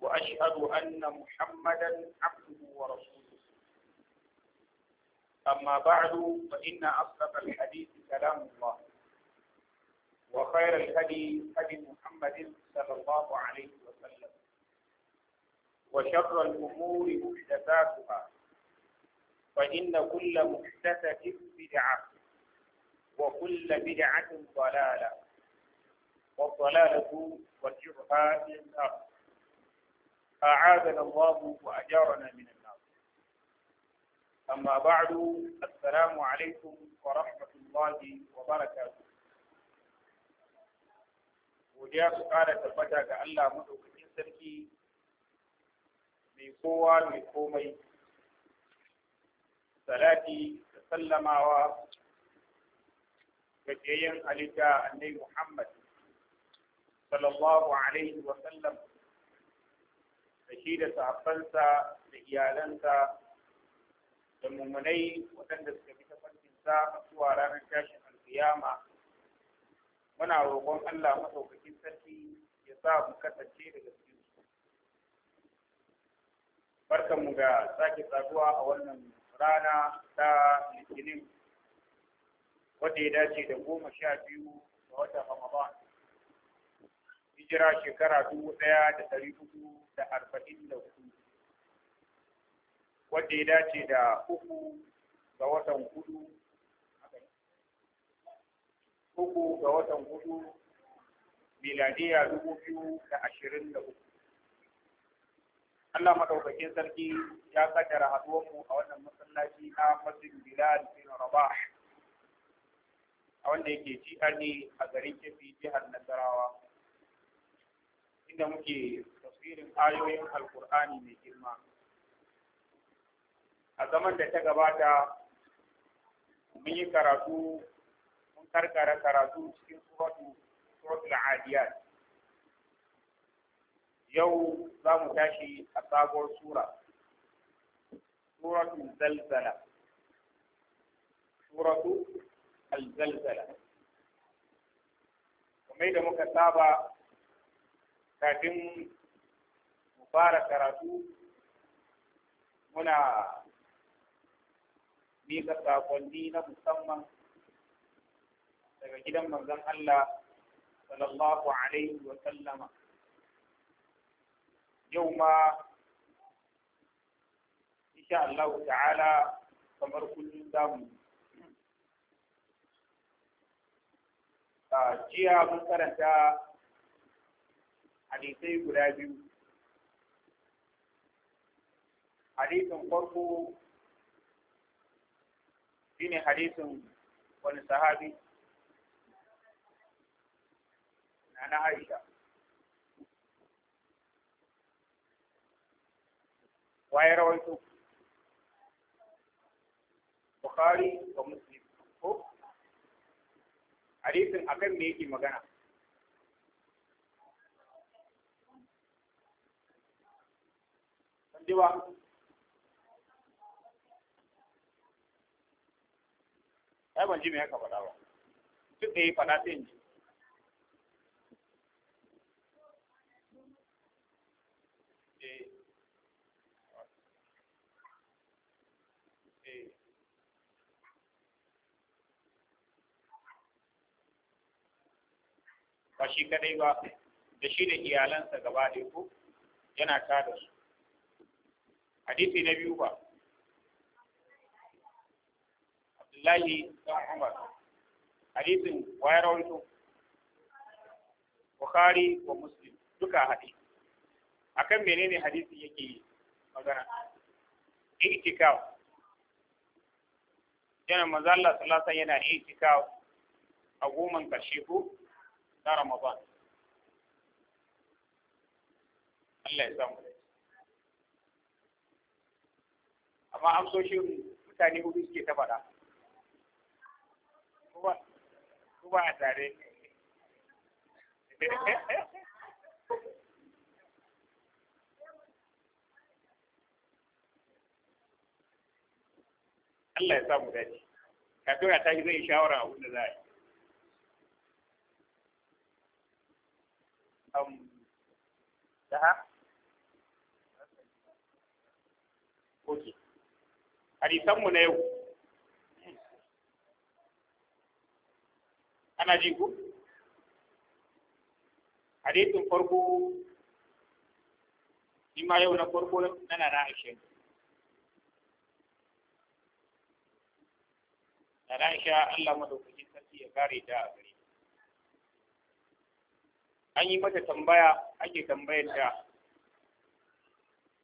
وأشهد أن محمدا عبده ورسوله أما بعد فإن أصدق الحديث كلام الله وخير الهدي هدي محمد صلى الله عليه وسلم وشر الأمور محدثاتها فإن كل محدثة بدعة وكل بدعة ضلالة والضلالة والجرحى النار أعاذنا الله وأجارنا من النار أما بعد السلام عليكم ورحمة الله وبركاته وجاء سؤالة البجاء كألا مدعوك تركي بقوة لقومي سلاتي تسلم و فجيئا عليك النبي محمد صلى الله عليه وسلم shi da sahabbansa da iyalansa da mummunai waɗanda suka fi tafarkinsa zuwa ranar tashin alkiyama muna roƙon Allah maɗaukakin sarki ya sa mu kasance daga cikin su barkanmu ga sake saduwa a wannan rana ta litinin wadda ya dace da goma sha biyu ga watan ramadan hijira shekara dubu ɗaya da ɗari uku da arba'in da hudu wadda ya dace da uku ga watan hudu uku ga watan hudu miladiya dubu biyu da ashirin da uku Allah madaukakin sarki ya kaddara haduwanmu a wannan masallaci na masjid Bilal bin Rabah a wanda yake ci ne a garin kefi jihar Nasarawa da muke tafsirin ayoyin alkur'ani mai girma a zaman da ta gabata mun yi karatu mun karkara karatu cikin suratu suratul adiyat yau za mu tashi a sabuwar sura suratu zalzala suratu alzalzala kamar da muka saba kafin mu fara karatu muna miƙa saƙonni na musamman daga gidan manzon Allah sallallahu alaihi wa sallama yau ma insha Allah ta'ala kamar kullum zamu jiya mun karanta hadisai guda biyu hadisin farko shine hadisin wani sahabi na na Aisha waye rawaito Bukhari da Muslim ko hadisin akan me yake magana zamantakewa ai ban ji me haka faɗa ba duk da yi faɗa sai in ji eh. Eh. ba shi kadai ba da shi da iyalansa gaba da ku yana ta da su hadisi na biyu ba Abdullahi dan Umar hadisin waya ya rawaito Bukhari wa Muslim duka hadisi akan menene hadisi yake magana itikaf yana manzo Allah sallallahu alaihi yana itikaf a goman karshe ko na Ramadan Allah ya samu amma amsoshin mutane hudu suke ta faɗa kuma ba a tare Allah ya sa mu dace kafin a tashi zai shawara abin da za a yi da ha hadisanmu na yau ana ji ku hadisin farko Ima yau na farko na na Aisha na na Aisha Allah madaukaki sarki ya kare ta a gare an yi mata tambaya ake tambayar ta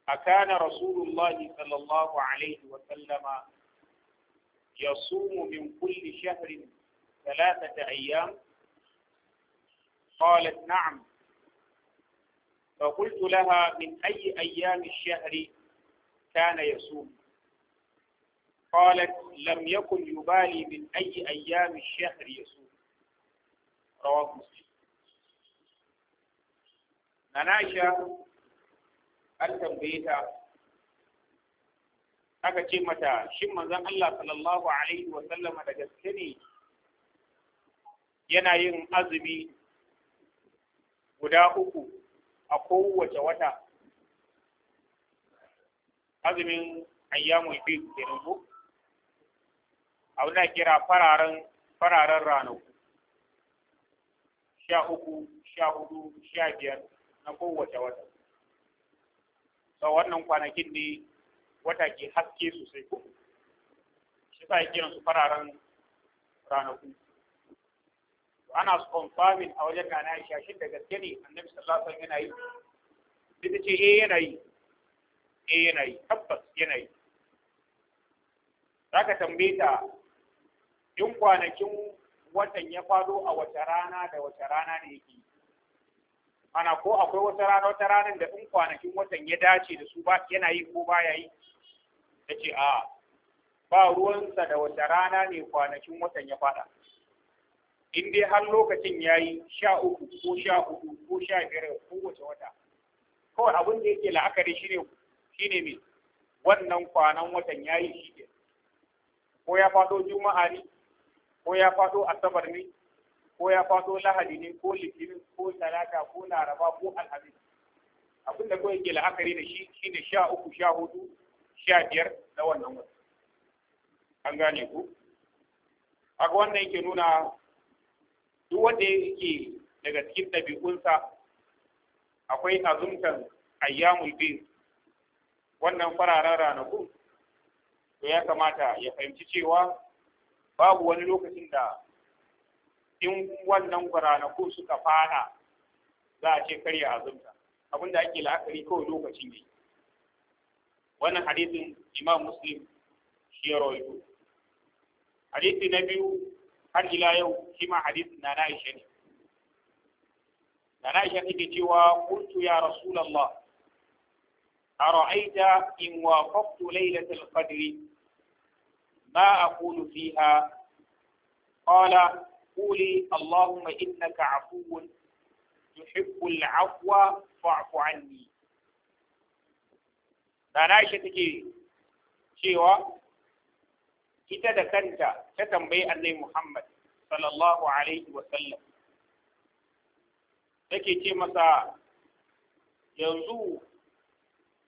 أكان رسول الله صلى الله عليه وسلم يصوم من كل شهر ثلاثة أيام قالت نعم فقلت لها من أي أيام الشهر كان يصوم قالت لم يكن يبالي من أي أيام الشهر يصوم رواه مسلم عن نعم an tambaye ta aka ce mata shin manzon Allah sallallahu alaihi wa sallama da gaske ne yana yin azumi guda uku a kowace wata azumin ayyamul bid kenan ko abin kira fararen fararen ranaku sha uku sha hudu sha biyar na kowace wata sa wannan kwanakin ne wata ke haske sosai ko shi sa kiran su fararen ranaku ana su confirmin a wajen na Aisha shi da gaske ne annabi sallallahu alaihi wasallam yana yi sai ce eh yana yi eh yana tabbas yana yi zaka tambaye ta in kwanakin watan ya fado a wace rana da wace rana ne yake ana ko akwai wata rana wata ranar da in kwanakin watan ya dace da su ba yana yi ko baya yi ta ce a ba ruwansa da wata rana ne kwanakin watan ya fada in dai har lokacin ya yi sha uku ko sha hudu ko sha biyar ko wata wata kawai abin da yake la'akari shine shine me wannan kwanan watan ya yi shi ko ya fado juma'a ne ko ya fado asabar ne ko ya faɗo lahadi ne ko litinin ko talata ko laraba ko alhamis abin da kawai ke la'akari da shi shine sha uku sha hudu sha biyar na wannan wata an gane ku haka wannan yake nuna duk wanda yake daga cikin ɗabi'unsa akwai azumtan ayyamul bin wannan fararen ranaku to ya kamata ya fahimci cewa babu wani lokacin da in wannan ranakun suka fara za a ce karya azumta abinda ake la'akari kawai lokacin ne wannan hadisin imam muslim shi ya rawaito hadisi na biyu har ila yau shi ma hadisin na na ne na na ishe take cewa kuntu ya rasulallah أرأيت إن وافقت ليلة القدر ما أقول فيها قال قولي اللهم إنك عفو تحب العفو فاعف عني Nana Aisha take cewa ita da kanta ta tambayi Annabi Muhammad sallallahu alaihi wa sallam take ce masa yanzu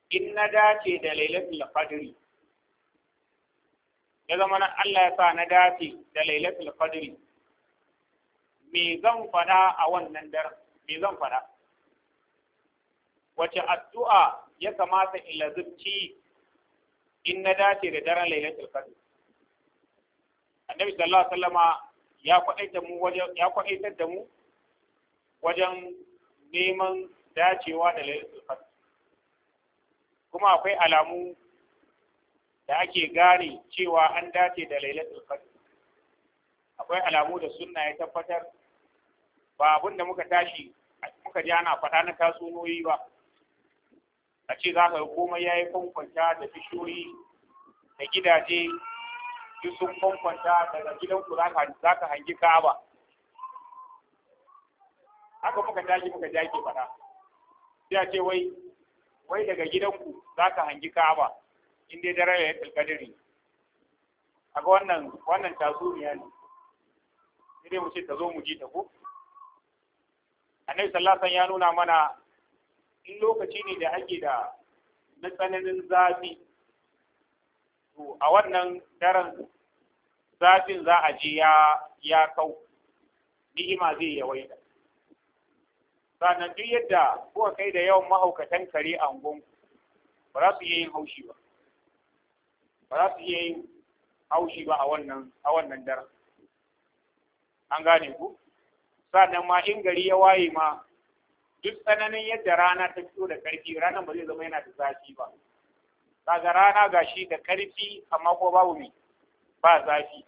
in na dace da lailatul qadri ya zama na Allah ya sa na dace da lailatul qadri me zan fada a wannan dar me zan fada wace addu'a ya kamata in lazubci in na dace da daren lailatul qadr annabi sallallahu alaihi wasallama ya kwadaita mu wajen ya kwadaitar da mu wajen neman dacewa da lailatul qadr kuma akwai alamu da ake gane cewa an dace da lailatul qadr akwai alamu da sunna ya tabbatar ba abin da muka tashi muka ji ana faɗa na tatsuniyoyi ba a ce za ka yi komai ya yi kwankwanta da bishiyoyi da gidaje duk sun kwankwanta daga gidanku za ka hangi ka'aba haka muka tashi muka ji ake faɗa sai a ce wai wai daga gidanku za ka hangi ka'aba in dai dare ya yi kalkadiri kaga wannan wannan tatsuniya ne sai dai mu ce ta zo mu ji ta ko annabi sallallahu ya nuna mana in lokaci ne da ake da na tsananin zafi to a wannan daren zafin za a je ya ya kau ni'ima zai yawaita sannan duk yadda kuka kai da yawan mahaukatan kare a ba za su iya yin haushi ba ba za su iya yin haushi ba a wannan a wannan daren an gane ku sannan ma in gari ya waye ma duk tsananin yadda rana ta fito da ƙarfi ranar ba zai zama yana da zafi ba kaga rana gashi da ƙarfi amma ko babu mai ba zafi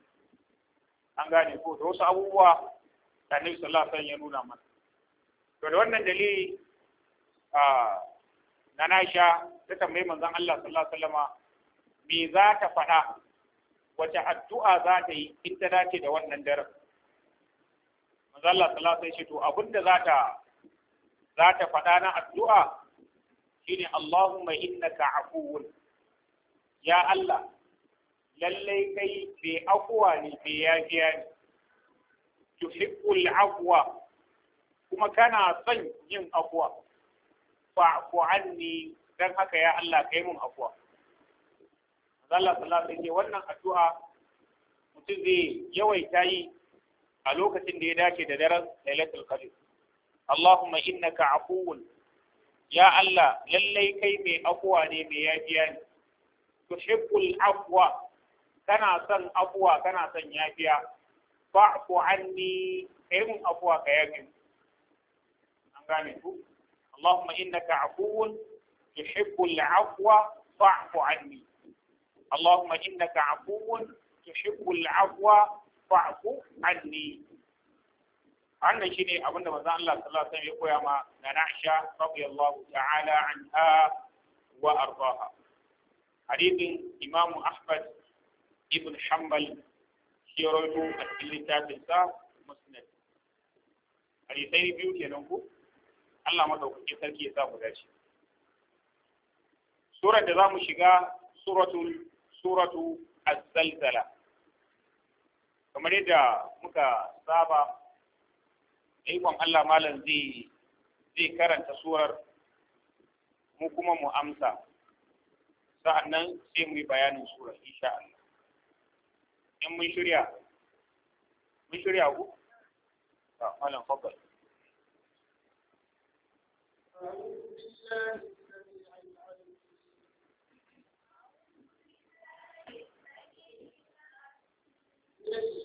an gane ko da wasu abubuwa da Annabi sallallahu alaihi ya nuna mana to da wannan dalili a na nasha ta tambayi manzon Allah sallallahu alaihi wasallama me za ta faɗa wace addu'a za ta yi in ta dace da wannan daren manzo Allah sallallahu alaihi wasallam to abinda zata zata faɗa na addu'a shine Allahumma innaka afuwun ya Allah lallai kai bai akuwa ne bai yafiya ne tuhibbul afwa kuma kana son yin afwa fa'fu anni dan haka ya Allah kai mun afwa Allah sallallahu alaihi wannan addu'a mutum zai yawaita yi a lokacin da ya dace da daren lailatul qadr Allahumma innaka afuwun ya Allah lallai kai mai afuwa ne mai yafiya ne tuhibbul afwa kana son afuwa kana son yafiya fa'fu anni kai mun afuwa ka yafi an gane ku Allahumma innaka afuwun tuhibbul afwa fa'fu anni Allahumma innaka afuwun tuhibbul afwa ku anni wannan shine abin da manzon Allah sallallahu alaihi wasallam ya koya ma na Aisha radiyallahu ta'ala anha wa ardaha hadithin Imam Ahmad ibn Hanbal shi ya rawaito a cikin littafin sa Musnad hadisai biyu kenan ku. Allah madaukakin sarki ya sa ku dace surar da za mu shiga suratul suratu az-zalzala kamar yadda muka saba ikon Allah malam zai karanta suwar mu kuma mu amsa sa'annan sai mu yi bayanin suwar, isha Allah in mun shirya mun shirya ku malam fadal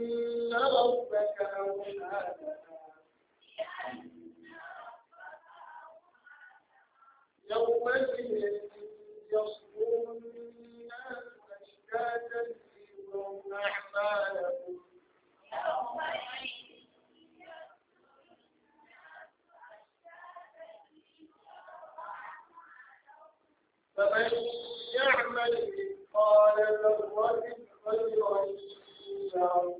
إن ربك أوحى يومئذ يصدر الناس أشتاتا ليروا أعمالهم فمن يعمل مثقال ذرة خيرا يره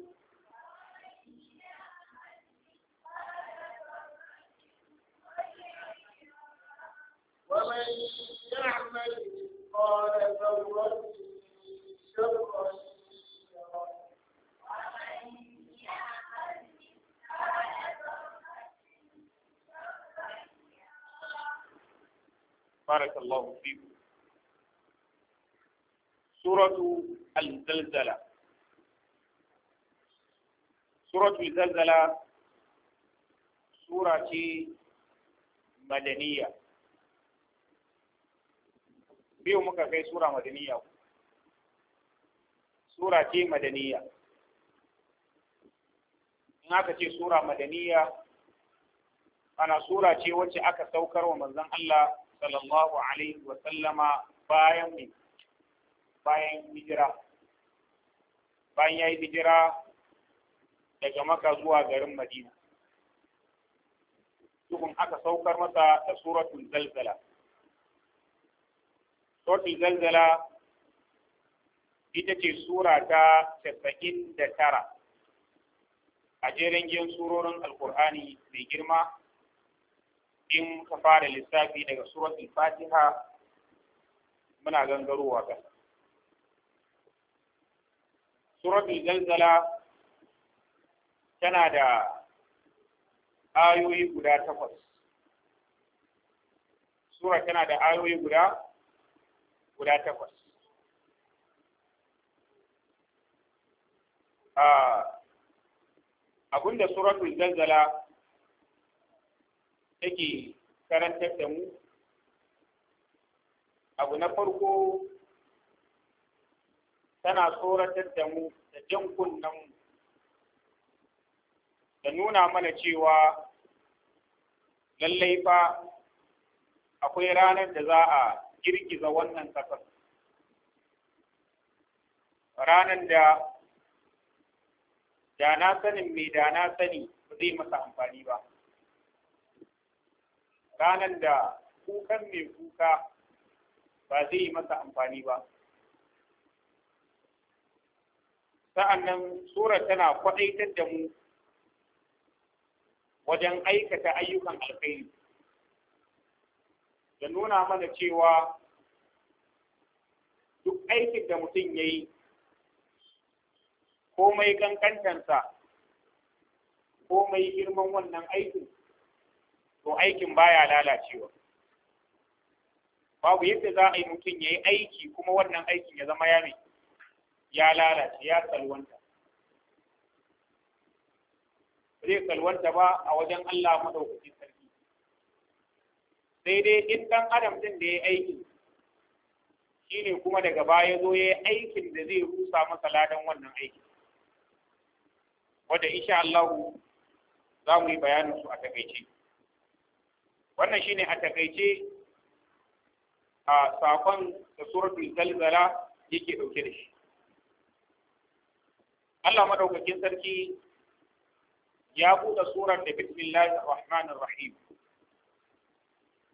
barakallahu fikum suratu al-zalzala suratu al-zalzala sura ce madaniya biyu muka kai sura madaniya sura ce madaniya in aka ce sura madaniya ana sura ce wacce aka saukar wa manzon Allah sallallahu alaihi wa sallama bayan mai bayan hijira bayan ya yi hijira daga maka zuwa garin madina tukun aka saukar masa da suratul zalzala suratul zalzala ita ce sura ta casa'in da tara a jerin surorin alkur'ani mai girma in ka fara lissafi daga suratul fatiha muna gangarowa ga suratul zalzala tana da ayoyi guda takwas sura tana da ayoyi guda guda takwas ah, abinda suratul zalzala take karantar da mu abu na farko tana tsoratar da mu da jan kunnen da nuna mana cewa lallai fa akwai ranar da za a girgiza wannan ƙasar ranar da da na sanin mai da na sani ba zai masa amfani ba ranar da kukan mai kuka ba zai yi masa amfani ba sa'annan sura tana kwaɗaitar da mu wajen aikata ayyukan alkhairi da nuna mana cewa duk aikin da mutum ya yi komai ko komai girman wannan aikin to aikin baya lalacewa babu yadda za a yi mutum ya yi aiki kuma wannan aikin ya zama yami ya lalace ya salwanta zai salwanta ba a wajen Allah madaukakin sarki sai dai in dan adam din da ya yi aiki shi ne kuma daga baya zo ya yi aikin da zai rusa masa ladan wannan aikin wanda insha Allah za mu yi bayanin su a takaice. wannan shine a takaice a sakon da suratul zalzala yake dauke da shi Allah madaukakin sarki ya buɗe surar da bismillahir rahmanir rahim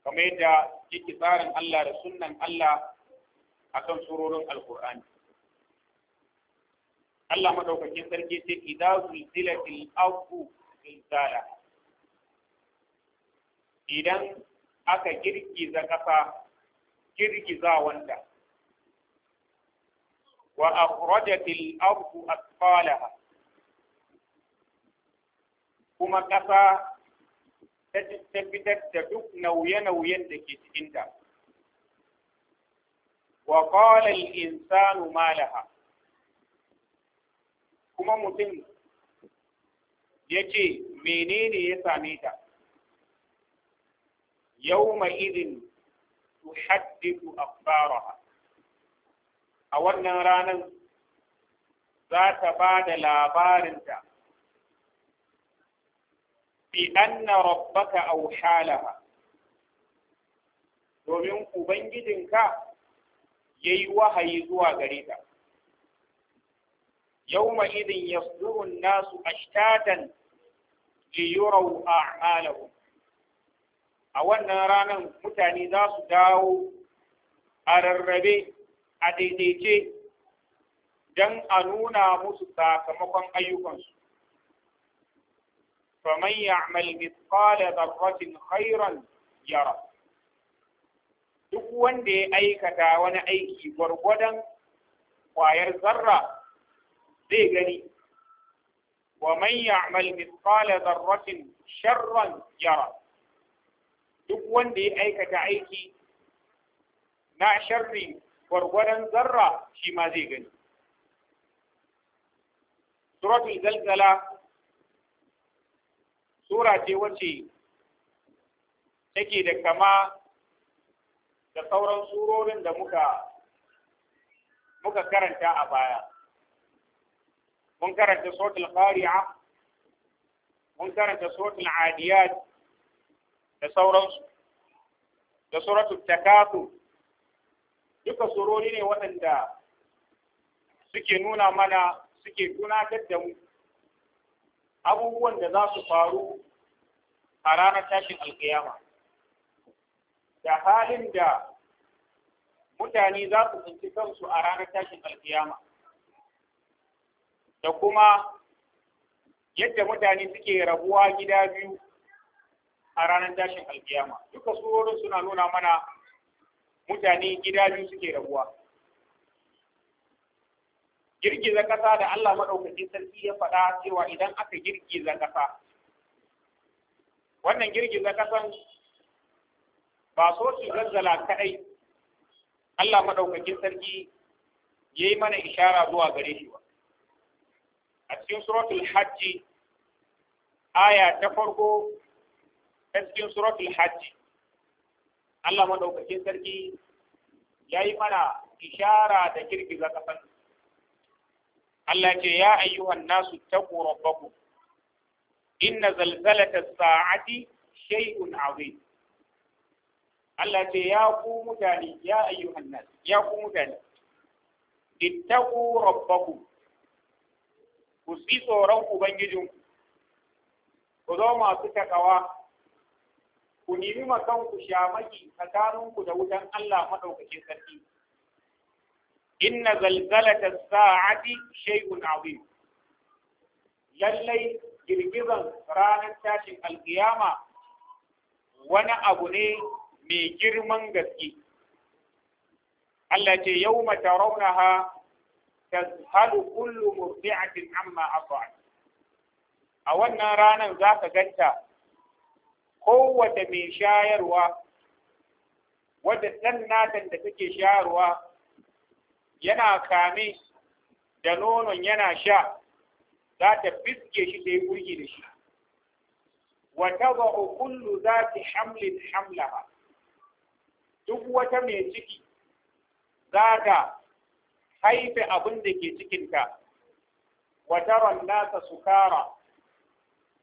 kamar yadda yake tsarin Allah da sunnan Allah akan surorin alqur'ani Allah madaukakin sarki sai idza zulzilatil ardu zilzala idan aka girgiza ƙasa girgiza wanda wa akhrajatil ardu asfalaha kuma ƙasa ta fitar da duk nauye-nauyen da ke cikinta. Wa qala al-insanu laha. kuma mutum yace menene ya same ta يومئذ تحدث أخبارها أولا رانا ذات بعد لابار انت بأن ربك أوحى لها ومن كا ييوها يزوى غريبا يومئذ يصدر الناس أشتاتا ليروا أعمالهم a wannan ranar mutane za su dawo a rarrabe a daidaice don a nuna musu sakamakon ayyukansu فمن يعمل مثقال ذرة خيرا يرى duk wanda ya aikata wani aiki gwargwadon kwayar zarra zai gani wa man ya'mal mithqala dharratin sharran yara duk wanda ya aikata aiki na sharri gwargwadon zarra shi ma zai gani suratul zalzala sura ce wace take da kama da sauran surorin da muka muka karanta a baya mun karanta suratul qari'a mun karanta suratul adiyat da sauransu da suratu takatu duka surori ne waɗanda suke nuna mana suke tunatar da mu abubuwan da za su faru a ranar tashin alkiyama da halin da mutane za su tsinci kansu a ranar tashin alkiyama da kuma yadda mutane suke rabuwa gida biyu a ranar tashin alkiyama duka surorin suna nuna mana mutane gida biyu suke rabuwa girgiza ƙasa da Allah maɗaukaki sarki ya faɗa cewa idan aka girgiza ƙasa wannan girgiza ƙasan ba so su zazzala kaɗai Allah maɗaukakin sarki ya yi mana ishara zuwa gare shi ba a cikin suratul hajji aya ta farko ta cikin suratul hajj Allah madaukakin sarki ya yi mana ishara da girgiza kafan Allah ce ya ayyuhan nasu taqu rabbakum inna zalzalata as-sa'ati shay'un 'azim Allah ce ya ku mutane ya ayyuhan nas ya ku mutane ittaqu rabbakum ku tsoron ubangijinku ku zo masu takawa ku nemi kanku shamaki tsakaninku da wutan Allah maɗaukakin sarki. Inna zalzalata sa'adi shay'un azim. Lallai girgizan ranar tashin alkiyama wani abu ne mai girman gaske. Allah ce yau mata raunaha ta halu kullu murdi'atin amma A wannan ranar za ka ganta kowace mai shayarwa wadda ɗan natan da take shayarwa yana kame da nonon yana sha za ta fiske shi ta yi gurgi da shi wa tada'u kullu ta hamlin hamlaha duk wata mai ciki za ta haife abin da ke cikinta wata ran nasa sukara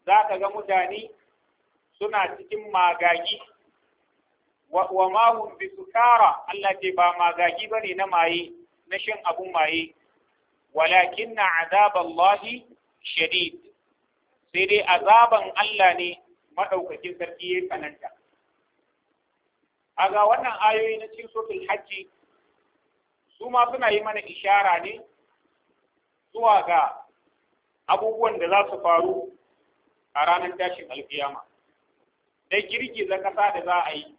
za ka ga mutane suna cikin magagi wa ma hum bi sukara Allah ce ba magagi bane na maye na shin abun maye walakin na azaballahi shadid sai dai azaban Allah ne madaukakin sarki ya tsananta aga wannan ayoyi na cikin suratul hajji su ma suna yi mana ishara ne zuwa ga abubuwan da za su faru a ranar tashin alkiyama Dai girgiza ƙasa da za a yi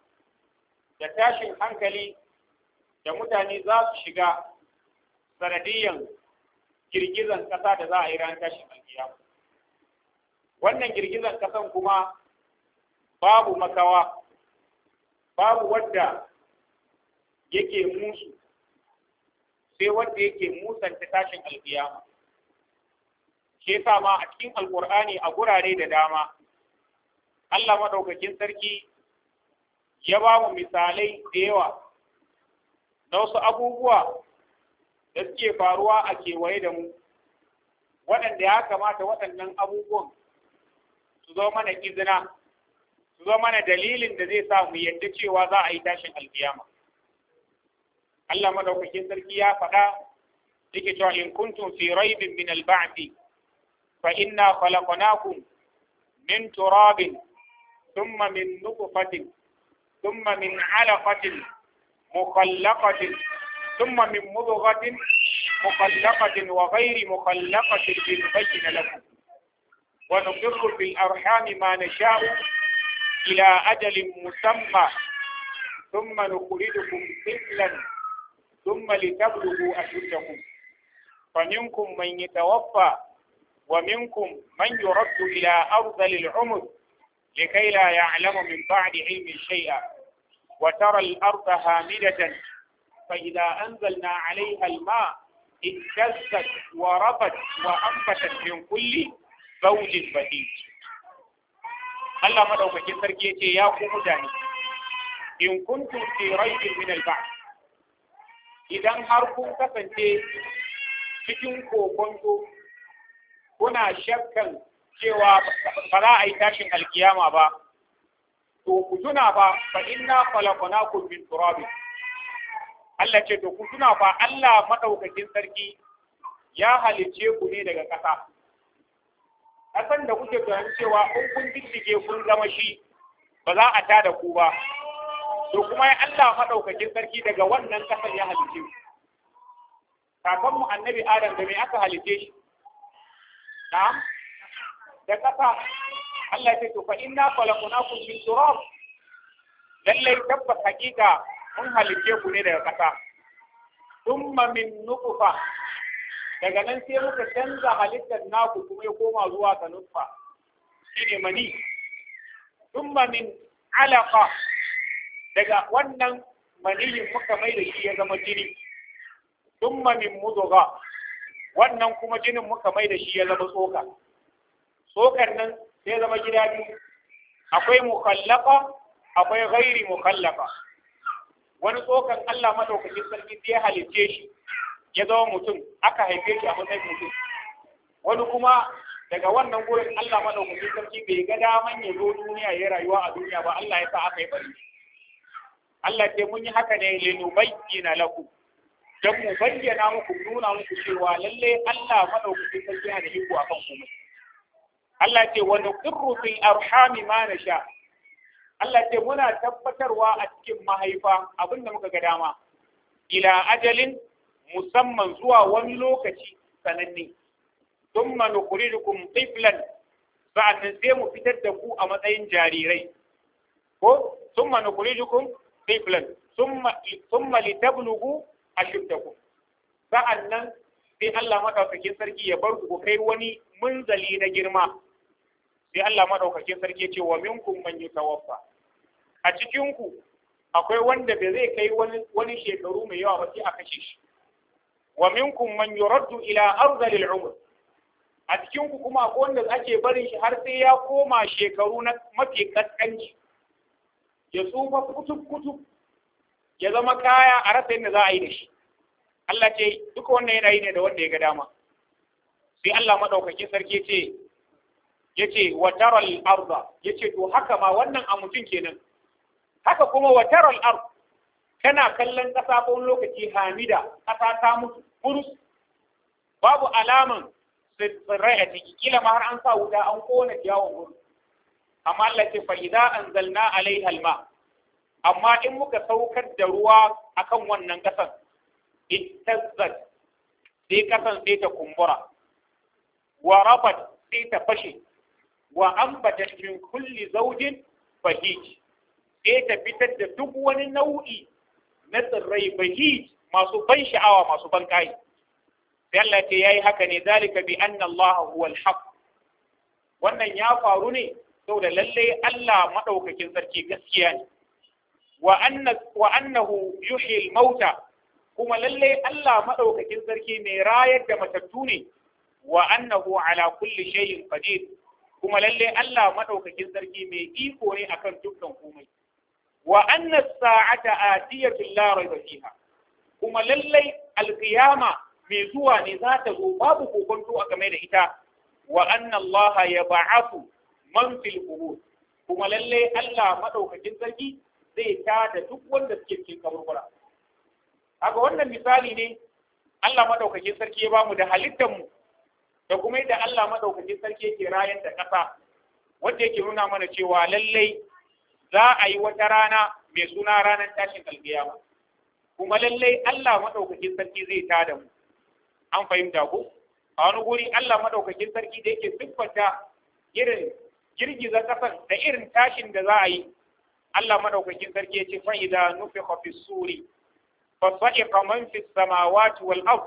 da tashin hankali da mutane za su shiga sanadiyyar girgizan ƙasa da za a yi ran tashin alkiyama wannan girgizan ƙasan kuma babu makawa babu wadda yake musu sai wadda yake musanta tashin alkiyama shi ma a cikin Alƙur'ani a gurare da dama Allah maɗaukakin sarki ya ba mu misalai da yawa na wasu abubuwa da suke faruwa a kewaye da mu waɗanda ya kamata waɗannan abubuwan su zo mana izina su zo mana dalilin da zai sa mu yadda cewa za a yi tashin alfiyama. Allah maɗaukakin sarki ya faɗa yake cewa in kuntum fi raibin min al fa inna khalaqnakum min turabin ثم من نطفة ثم من علقة مخلقة ثم من مضغة مخلقة وغير مخلقة لنبين لكم ونقر في الأرحام ما نشاء إلى أجل مسمى ثم نخرجكم طفلا ثم لتبلغوا أشدكم فمنكم من يتوفى ومنكم من يرد إلى أرض العمر لكي لا يعلم من بعد علم شيئا وترى الأرض هامدة فإذا أنزلنا عليها الماء اهتزت ورطت وأنبتت من كل زوج بهيج الله ما لو بكي سركيتي يا قومتاني إن كنتم في ريب من البعث اذا har kun kasance cikin هنا kuna cewa ba za a yi tashin alkiyama ba to ku tuna fa fa inna khalaqnakum min turabin Allah ce to ku tuna fa Allah madaukakin sarki ya halice ku ne daga ƙasa ƙasan da kuke tunanin cewa in kun diddige kun zama shi ba za a tada ku ba to kuma ya Allah madaukakin sarki daga wannan ƙasar ya halice ku kakan mu annabi Adam da me aka halice shi na'am da ƙasa Allah ya ce fa inna khalaqnakum min turab lallai tabbas hakika mun halitte ku ne daga kasa thumma min nutfa daga nan sai muka canza halittar naku kuma ya koma zuwa ga nutfa shine mani thumma min alaqa daga wannan maniyin muka mai da shi ya zama jini thumma min mudgha wannan kuma jinin muka mai da shi ya zama tsoka tsokar nan sai zama gida biyu akwai mukallafa akwai ghairi mukallafa wani tsokan Allah madaukaki sarki sai ya halice shi ya zama mutum aka haife shi a matsayin mutum wani kuma daga wannan gurin Allah madaukaki sarki bai ga daman ya zo duniya ya rayuwa a duniya ba Allah ya sa aka yi bari Allah ce mun yi haka ne linubayyana lakum dan mu bayyana muku nuna muku cewa lalle Allah madaukaki sarki yana da a akan komai Allah ce wani nuqirru fil arhami ma na sha. Allah ce muna tabbatarwa a cikin mahaifa abin da muka ga dama ila ajalin musamman zuwa wani lokaci sananne thumma dukun tiflan sa'annan sai mu fitar da ku a matsayin jarirai ko thumma nukhrijukum tiflan thumma thumma litablugu ashuddakum sa'annan sai Allah madaukakin sarki ya bar ku kai wani munzali na girma sai Allah madaukakin sarki ce wa minkum man yatawaffa a cikin ku akwai wanda ba zai kai wani wani shekaru mai yawa ba sai a kashe shi wa minkum man yuraddu ila arzalil umr a cikin ku kuma akwai wanda ake barin shi har sai ya koma shekaru na mafi kaskanci ya tsufa kutub kutub ya zama kaya a rasa yadda za a yi da shi Allah ce duka wannan yana yi ne da wanda ya ga dama sai Allah madaukakin sarki ce yace wa taral arda yace to haka ma wannan a mutum kenan haka kuma wa taral ard kana kallon kasa ko lokaci hamida ƙasa ta mutu kurus babu alaman tsirrai a kila ma har an sa wuta an kona ciyawan gurin amma Allah ce fa idza anzalna alaiha alma amma in muka saukar da ruwa akan wannan kasan ittazzat sai kasan sai ta kumbura wa rabat sai ta fashe wa min kulli zawjin bahij sai ta fitar da duk wani nau'i na tsirrai bahij masu ban sha'awa masu ban kai sai Allah ce yayi haka ne zalika bi anna Allah huwa al-haq wannan ya faru ne saboda lalle Allah madaukakin sarki gaskiya ne wa anna wa annahu yuhyi al-mauta kuma lalle Allah madaukakin sarki mai rayar da matattu ne wa annahu ala kulli shay'in qadir kuma lalle Allah madaukakin sarki mai iko ne akan dukkan komai wa anna sa'ata atiyatu la rayba fiha kuma lalle alqiyama mai zuwa ne za ta zo babu kokonto a game da ita wa anna Allah yab'athu man fil qubur kuma lalle Allah madaukakin sarki zai tada duk wanda suke cikin kaburbura haka wannan misali ne Allah madaukakin sarki ya bamu da halittar mu da kuma yadda Allah madaukakin sarki yake rayar da kasa wanda yake nuna mana cewa lallai za a yi wata rana mai suna ranar tashin alƙiyama kuma lallai Allah madaukakin sarki zai tada mu an fahimta ko a wani guri Allah madaukakin sarki da yake siffata irin girgiza ƙasar da irin tashin da za a yi Allah madaukakin sarki ya ce fa idza nufikha fis suri fa sa'iqa man fis samawati wal ard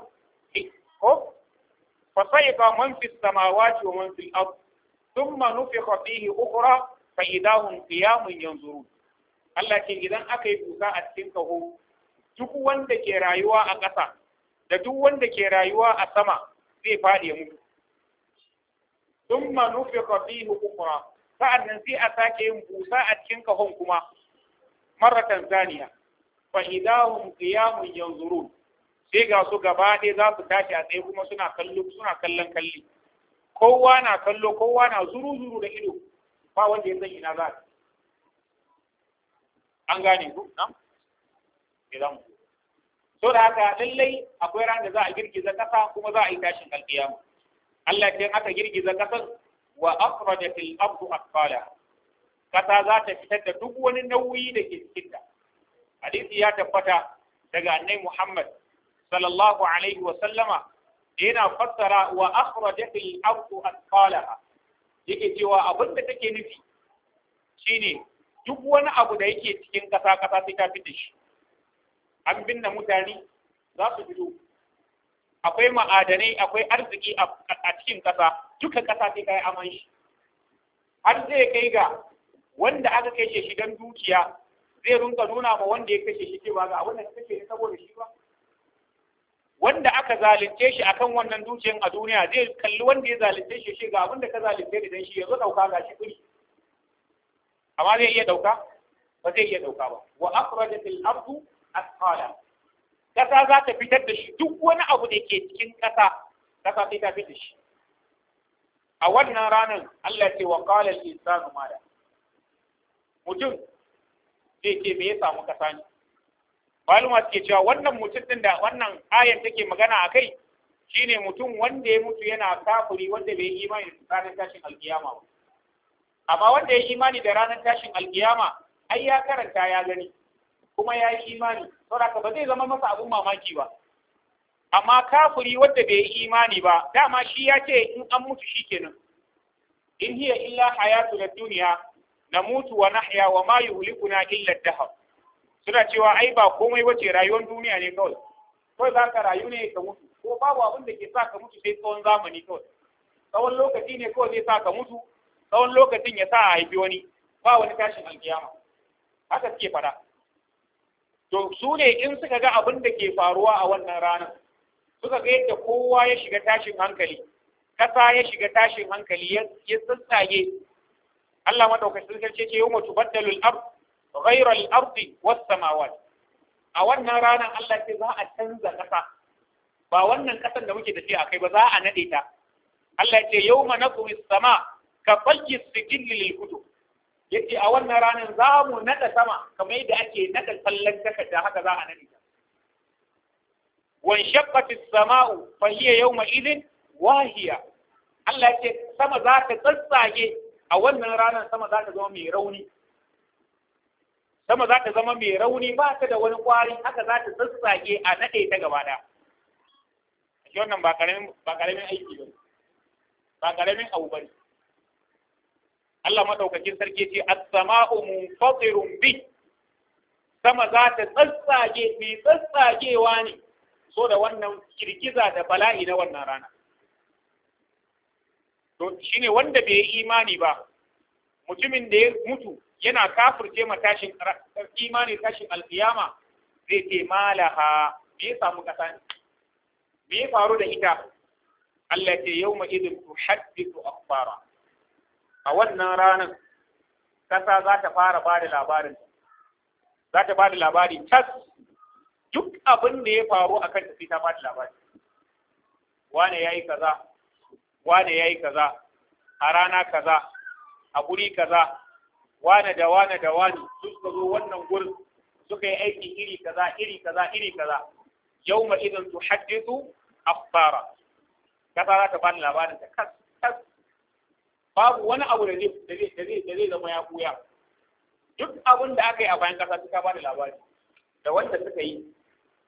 eh, ko فصعق من في السماوات ومن في الأرض ثم نفخ فيه أخرى فإذا هم قيام ينظرون Allah ke idan aka yi kusa a cikin kaho duk wanda ke rayuwa a ƙasa da duk wanda ke rayuwa a sama zai faɗi mutu thumma nufiqa kukura, sa'ad nan sai a sake yin kusa a cikin kahon kuma maratan zaniya fa idahum qiyamun yanzurun sai ga su gaba ɗaya za su tashi a tsaye kuma suna kallo suna kallon kalli kowa na kallo kowa na zuru zuru da ido ba wanda ya san ina za ka an gane ku na idan so da haka lallai akwai ran da za a girgiza kasa kuma za a yi tashin alƙiyama Allah ya aka girgiza kasan wa akhrajatil ardu asfala kasa za ta fitar da duk wani nauyi da ke cikinta hadisi ya tabbata daga annabi Muhammad sallallahu alaihi wa sallama yana fassara wa akhrajat al-ardu athqalaha yake cewa abin da take nufi shine duk wani abu da yake cikin kasa kasa sai ta fita shi an binne mutane za su fito akwai ma'adanai akwai arziki a cikin kasa duka kasa sai kai aman shi har zai kai ga wanda aka kashe shi dan dukiya zai rinka nuna ma wanda ya kashe shi cewa ga abin da kashe ne saboda shi ba wanda aka zalunce shi akan wannan dukiyan a duniya zai kalli wanda ya zalunce shi shi ga abin da ka zalunce dan shi yanzu dauka ga shi kuri amma zai iya dauka ba zai iya dauka ba wa akhrajatil ardu asqala kasa za ta fitar da shi duk wani abu da ke cikin kasa kasa sai ta fitar da shi a wannan ranar Allah ce wa qala al insanu mala mutum zai ce me ya samu kasa ne maluma suke cewa wannan mutum din da wannan ayan take magana a kai shine mutum wanda ya mutu yana kafuri wanda bai yi imani da ranar tashin alkiyama ba amma wanda ya yi imani da ranar tashin alkiyama ai ya karanta ya gani kuma ya yi imani saboda ba zai zama masa abun mamaki ba amma kafuri wanda bai yi imani ba dama shi ya ce in an mutu shikenan in hiya illa hayatu na duniya namutu wa nahya wa ma yuhlikuna illa dahab suna cewa ai ba komai wace rayuwar duniya ne kawai ko za ka rayu ne ka mutu ko babu abin da ke sa ka mutu sai tsawon zamani kawai tsawon lokaci ne kawai zai sa ka mutu tsawon lokacin ya sa a haifi wani ba wani tashin alkiyama haka suke fada to su ne in suka ga abin da ke faruwa a wannan ranar suka ga yadda kowa ya shiga tashin hankali ƙasa ya shiga tashin hankali ya tsatsage Allah madaukakin sarki ce yau mutu baddalul ard ghayra al-ardi was samawat a wannan ranar Allah ce za a canza ƙasa ba wannan ƙasar da muke tafiya kai ba za a nade ta Allah ce yawma naqwi sama ka falki sijilli lil kutub a wannan ranar za mu nada sama kamar yadda ake nada kallon takarda haka za a nade ta wan samau Allah ce sama za ta tsatsage a wannan ranar sama za ta zama mai rauni sama za ta zama mai rauni ba ta da wani kwari haka za ta sassage a naɗe ta gaba ɗaya shi wannan ba karamin ba karamin aiki ba ba karamin abu bane Allah madaukakin sarki ce as-sama'u munfatirun bi sama za ta tsatsage mai tsatsagewa ne so da wannan kirkiza da bala'i na wannan rana to shine wanda bai yi imani ba mutumin da ya mutu yana kafirce ma tashin imani tashin alkiyama zai ce malaha me ya samu kasa ne me ya faru da ita Allah ce yawma idin tuhaddithu akhbara a wannan ranar kasa za ta fara ba da labarin za ta ba da labari tas duk abin da ya faru akan ta sai ta ba da labari wane yayi kaza wane yayi kaza a rana kaza a guri kaza wane da wane da wane duk suka zo wannan gurin suka yi aiki iri kaza iri kaza iri kaza ma idan su tuhaddithu akhbara kasa za ta bani labarin ta kas kas babu wani abu da zai da zai da zai zama ya buya duk abin da aka yi a bayan kasa suka bani labari da wanda suka yi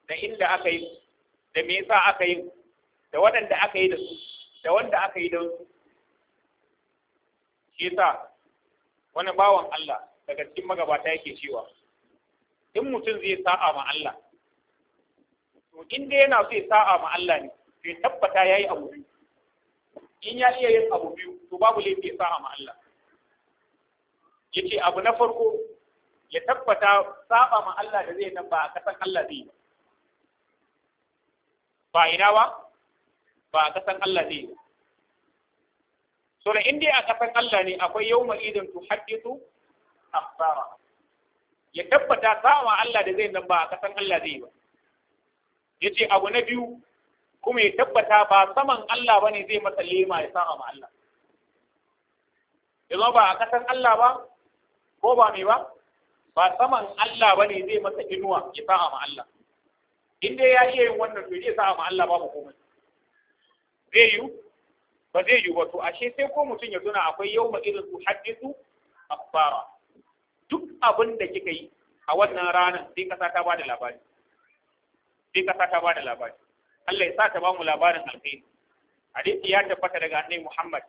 da inda aka yi da me yasa aka yi da waɗanda aka yi da su da wanda aka yi don su shi yasa wani bawan Allah daga cikin magabata yake cewa in mutum zai sa'a ma Allah to in dai yana so ya sa'a ma Allah ne to ya tabbata yayi abu biyu in ya iya yin abu biyu to babu laifi ya sa'a ma Allah yace abu na farko ya tabbata sa'a ma Allah da zai nan ba a kasan Allah zai ba ina ba ba a kasan Allah zai ba so da indiya a kasan Allah ne akwai yau ma'idin tu haddisu akhbara ya tabbata sawa Allah da zai nan ba a kasan Allah zai ba yace abu na biyu kuma ya tabbata ba saman Allah bane zai masa lema ya sa ma Allah idan ba a kasan Allah ba ko ba mai ba ba saman Allah bane zai masa inuwa ya sa ma Allah in dai ya iya yin wannan to zai sa ma Allah babu komai zai yi ba zai yi wato ashe sai ko mutum ya tuna akwai yau ma irin su haddisu akbara duk abin da kika yi a wannan ranar sai sata ta bada labari sai sata ba da labari Allah ya sata ba bamu labarin alkhairi hadisi ya tabbata daga annabi Muhammad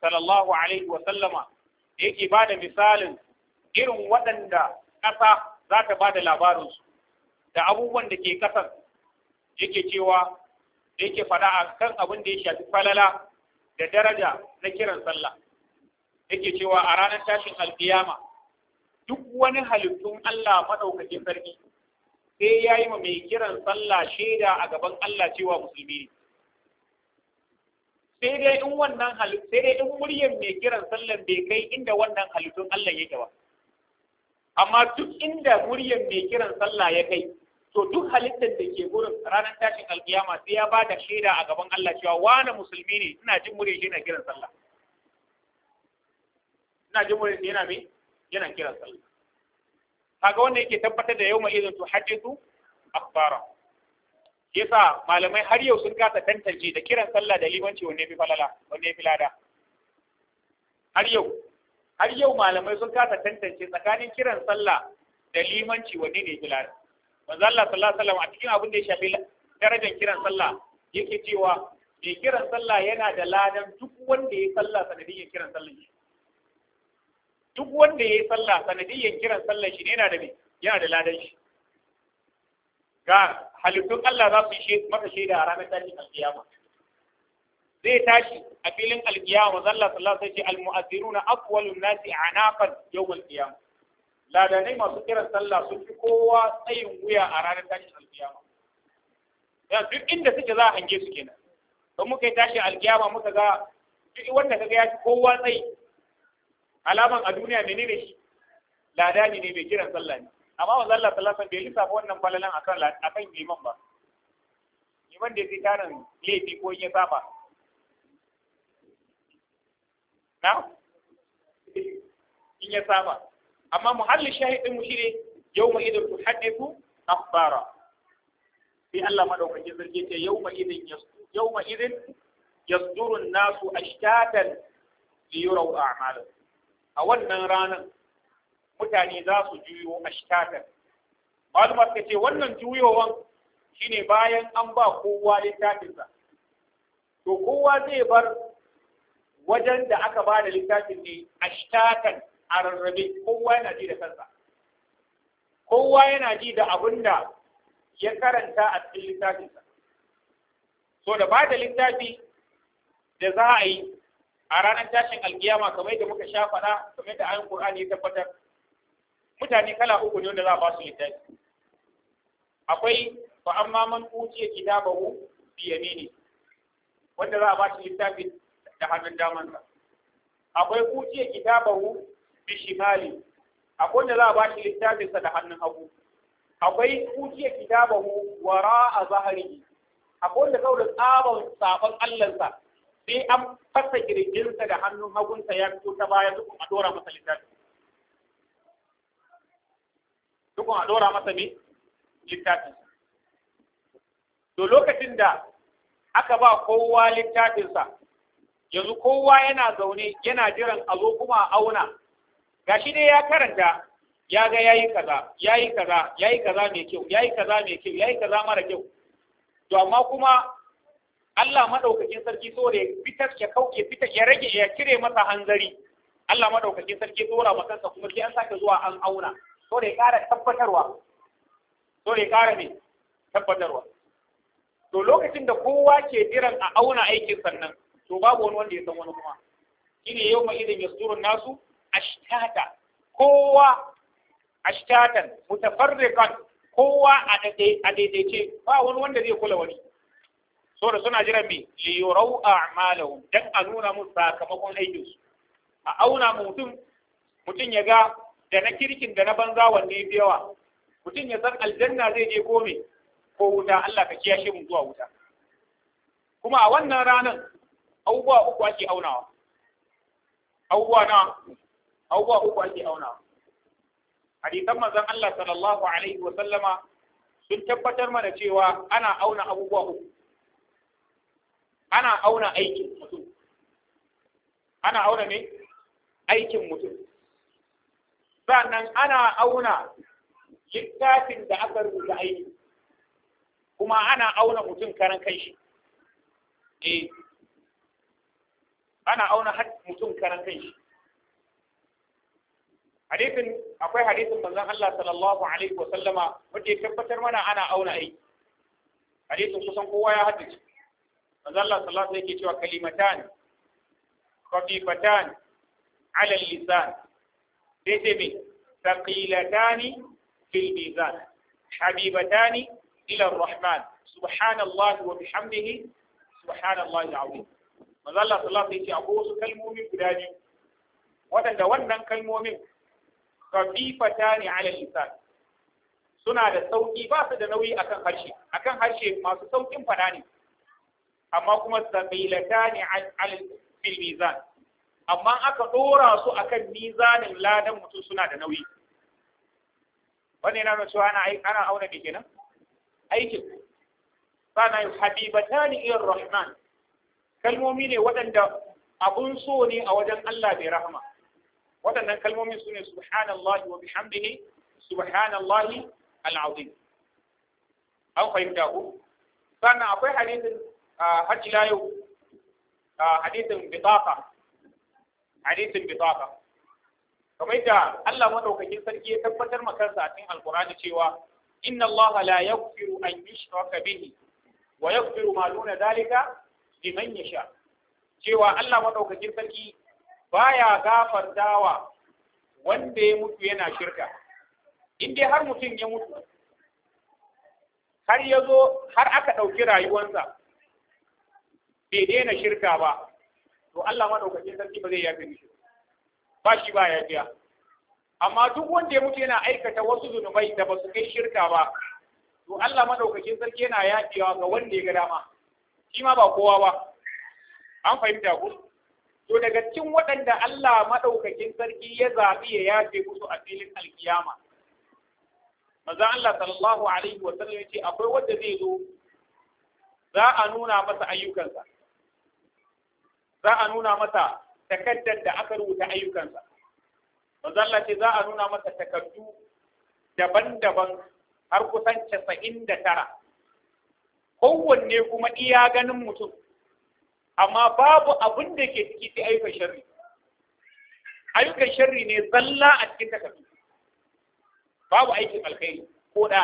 sallallahu alaihi wa sallama yake bada misalin irin waɗanda ƙasa za ta bada labarin su da abubuwan da ke ƙasar yake cewa yake faɗa a kan abin da ya shafi falala da daraja na kiran sallah yake cewa a ranar tashin alkiyama duk wani halittun Allah maɗaukaki sarki sai ya yi mai kiran sallah shaida a gaban Allah cewa musulmi ne sai dai in wannan sai dai in muryar mai kiran sallah bai kai inda wannan halittun Allah yake ba amma duk inda muryar mai kiran sallah ya kai to duk halittar da ke gurin ranar tashin alkiyama sai ya bada shaida a gaban Allah cewa wani musulmi ne ina jin mure shi na kiran sallah ina jin mure shi yana me yana kiran sallah kaga wanda yake tabbatar da yawma idan to hadithu akbara yasa malamai har yau sun kasa tantance da kiran sallah da limanci wanne fi falala wanne fi lada har yau har yau malamai sun kasa tantance tsakanin kiran sallah da limanci wanne ne fi lada manzo Allah sallallahu alaihi a cikin abin da ya shafi darajar kiran sallah yake cewa mai kiran sallah yana da ladan duk wanda ya sallah sanadiyyar kiran sallah shi duk wanda ya sallah sanadiyyar kiran sallah shi ne yana da me yana da ladan shi ga halittun Allah za su yi maka shaida a ranar tashin alkiyama zai tashi a filin alkiyama manzo Allah sallallahu alaihi wasallam sai ce al-mu'azziruna aqwalun nasi anaqan yawm al-qiyamah ladanai masu kiran sallah sun fi kowa tsayin wuya a ranar tashin alkiyama ya duk inda suke za a hange su kenan don muka yi tashin alkiyama muka ga duk wanda kaga ya kowa tsayi alaman a duniya ne ne shi ladani ne mai kiran sallah ne amma wa Allah sallallahu bai lissafa wannan falalan akan akan liman ba liman da zai tarin laifi ko ya saba na in ya saba amma muhallin shahidin mu shine yawma idan tuhaddithu akhbara sai Allah madaukakin sarki ce yawma idan yawma idan yasduru an-nasu ashtatan liyuraw a'malahum a wannan ranar mutane za su juyo ashtatan malumar ta ce wannan juyowan shine bayan an ba kowa littafinsa to kowa zai bar wajen da aka ba da littafin ne ashtatan a rarrabe kowa yana ji da kansa kowa yana ji da abin da ya karanta a cikin littafinsa so da ba da littafi da za a yi a ranar tashin alkiyama kamar da muka sha faɗa kamar da ayin Qur'ani ya tabbatar mutane kala uku ne wanda za a ba su littafi akwai fa amma man utiya kitabahu bi yamini wanda za a ba su littafi da hannun damansa akwai utiya kitabahu bi shimali akwai da za a bashi littafinsa da hannun hagu akwai kuciya kitabahu wara a zahari akwai wanda kawai da tsaban sabon allansa sai an fasa kirjinsa da hannun hagunsa ya fito ta baya dukkan a dora masa littafi dukkan a dora masa ne littafin to lokacin da aka ba kowa littafinsa yanzu kowa yana zaune yana jiran a zo kuma a auna gashi dai ya karanta ya ga yayi kaza yayi kaza yayi kaza mai kyau yayi kaza mai kyau yayi kaza mara kyau to amma kuma Allah madaukakin sarki so da fitar ya kauke fitar ya rage ya cire masa hanzari Allah madaukakin sarki tsora masa kansa kuma sai an saka zuwa an auna so da ya ƙara tabbatarwa so da ya ƙara ne tabbatarwa to lokacin da kowa ke jiran a auna aikin sannan to babu wani wanda ya san wani kuma shine yau ma idan yasturun nasu ashtata kowa ashtatan mutafarriqan kowa a daidaice ba wani wanda zai kula wani so da suna jiran me li yurau a'malahum dan a nuna musu sakamakon aikin su a auna mutum mutum ya ga da na kirkin da na banza wanne ya yawa mutum ya san aljanna zai je ko me ko wuta Allah ka kiyashe mu zuwa wuta kuma a wannan ranar abubuwa uku ake aunawa abubuwa na abubuwa uku ake auna hadisan manzon Allah sallallahu alaihi Wasallama sun tabbatar mana cewa ana auna abubuwa uku ana auna aikin mutum ana auna ne aikin mutum sannan ana auna littafin da aka rubuta aiki kuma ana auna mutum karan shi. eh ana auna mutum karan shi. hadisin akwai hadisin manzon Allah sallallahu alaihi wa sallama wanda ya tabbatar mana ana auna ai hadisin kusan kowa ya haddace manzon Allah sallallahu alaihi yake cewa kalimatan khafifatan ala lisan dai ce me thaqilatani fil mizan habibatani ila ar-rahman subhanallahi wa bihamdihi subhanallahi alazim manzon Allah sallallahu alaihi yake akwai wasu kalmomi guda biyu waɗanda wannan kalmomin khafifatani ala lisan suna da sauki ba su da nauyi akan harshe akan harshe masu saukin fada ne amma kuma ne ala fil mizan amma aka dora su akan mizanin ladan mutum suna da nauyi wannan yana nuna cewa ana ana auna me kenan aikin sana habibatani ir rahman kalmomi ne waɗanda abun so ne a wajen Allah bai rahama waɗannan kalmomi su ne subhanallahi wa bihamdihi subhanallahi al'azim an fahimta ku sannan akwai hadisin har ila yau hadisin bitaqa hadisin bitaqa kamar yadda Allah madaukakin sarki ya tabbatar ma kansa a cikin alqur'ani cewa inna Allah la yaghfiru an yushraka bihi wa yaghfiru ma duna zalika liman yasha cewa Allah madaukakin sarki baya gafartawa wanda ya mutu yana shirka in dai har mutum ya mutu har ya zo har aka ɗauki rayuwansa bai daina shirka ba to Allah madaukakin sarki ba zai yafe mishi ba shi ba yafiya amma duk wanda ya mutu yana aikata wasu zunubai da ba su kai shirka ba to Allah madaukakin sarki yana yafewa ga wanda ya ga dama shi ma ba kowa ba an fahimta ku to daga cikin waɗanda Allah maɗaukakin sarki ya zaɓi ya yafe musu a filin alkiyama maza Allah sallallahu alaihi wa sallam ce akwai wanda zai zo za a nuna masa ayyukansa za a nuna masa takaddar da aka rubuta ayyukansa maza Allah ce za a nuna masa takardu daban-daban har kusan casa'in da tara kowanne kuma iya ganin mutum amma babu abin da ke ciki sai ayyukan sharri ayyukan sharri ne zalla a cikin takardu babu aikin alkhairi ko da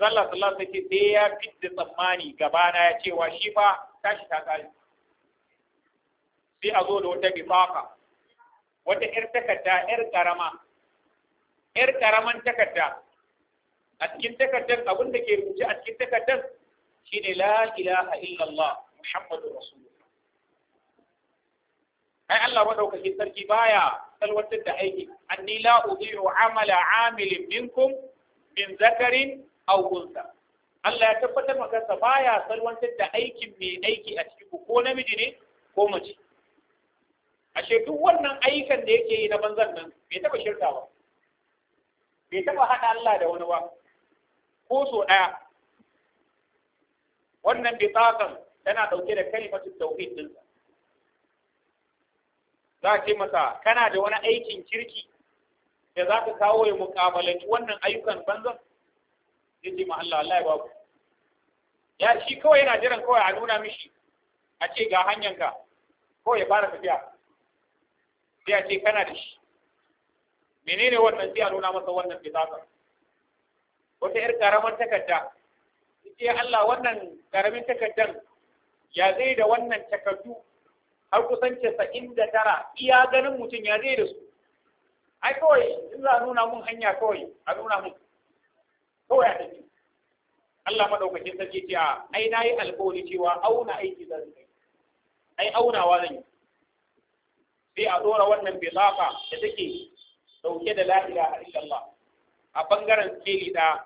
zalla sallallahu alaihi wasallam sai ya fitta tsammani gaba na ya cewa shi fa tashi ta kai sai a zo da wata bifaka wata yar takarda yar karama yar karaman takarda a cikin takardar abin da ke rubuce a cikin takardar ne la ilaha illallah Muhammadu rasulullah ai Allah madaukakin sarki baya salwatar da aiki anni la udhi'u amala amilin minkum min zakarin aw unsa Allah ya tabbatar maka sa baya salwantar da aikin mai aiki a cikin ko namiji ne ko mace ashe duk wannan ayyukan da yake yi na banzan nan bai taɓa shirka ba bai taba haɗa Allah da wani ba ko so ɗaya wannan bitakan tana dauke da kalimatu tauhid din za a ce masa kana da wani aikin kirki da za ka kawo ya muƙabalanci wannan ayyukan banza? zai ce ma Allah ya ya ku ya shi kawai yana jiran kawai a nuna mishi a ce ga hanyanka kawai ya fara tafiya sai a ce kana da shi menene wannan sai a nuna masa wannan fitaka wata yar ƙaramar takarda ce Allah wannan karamin takardar ya zai da wannan takardu har kusan sa'in da tara iya ganin mutum ya zai da su ai kawai in za a nuna mun hanya kawai a nuna mun kawai a tafi Allah maɗaukacin sarki ce a ai na yi alkawari cewa auna aiki zan yi ai aunawa zan yi sai a ɗora wannan bilaka da take dauke da la ilaha Allah a bangaren skeli ɗaya.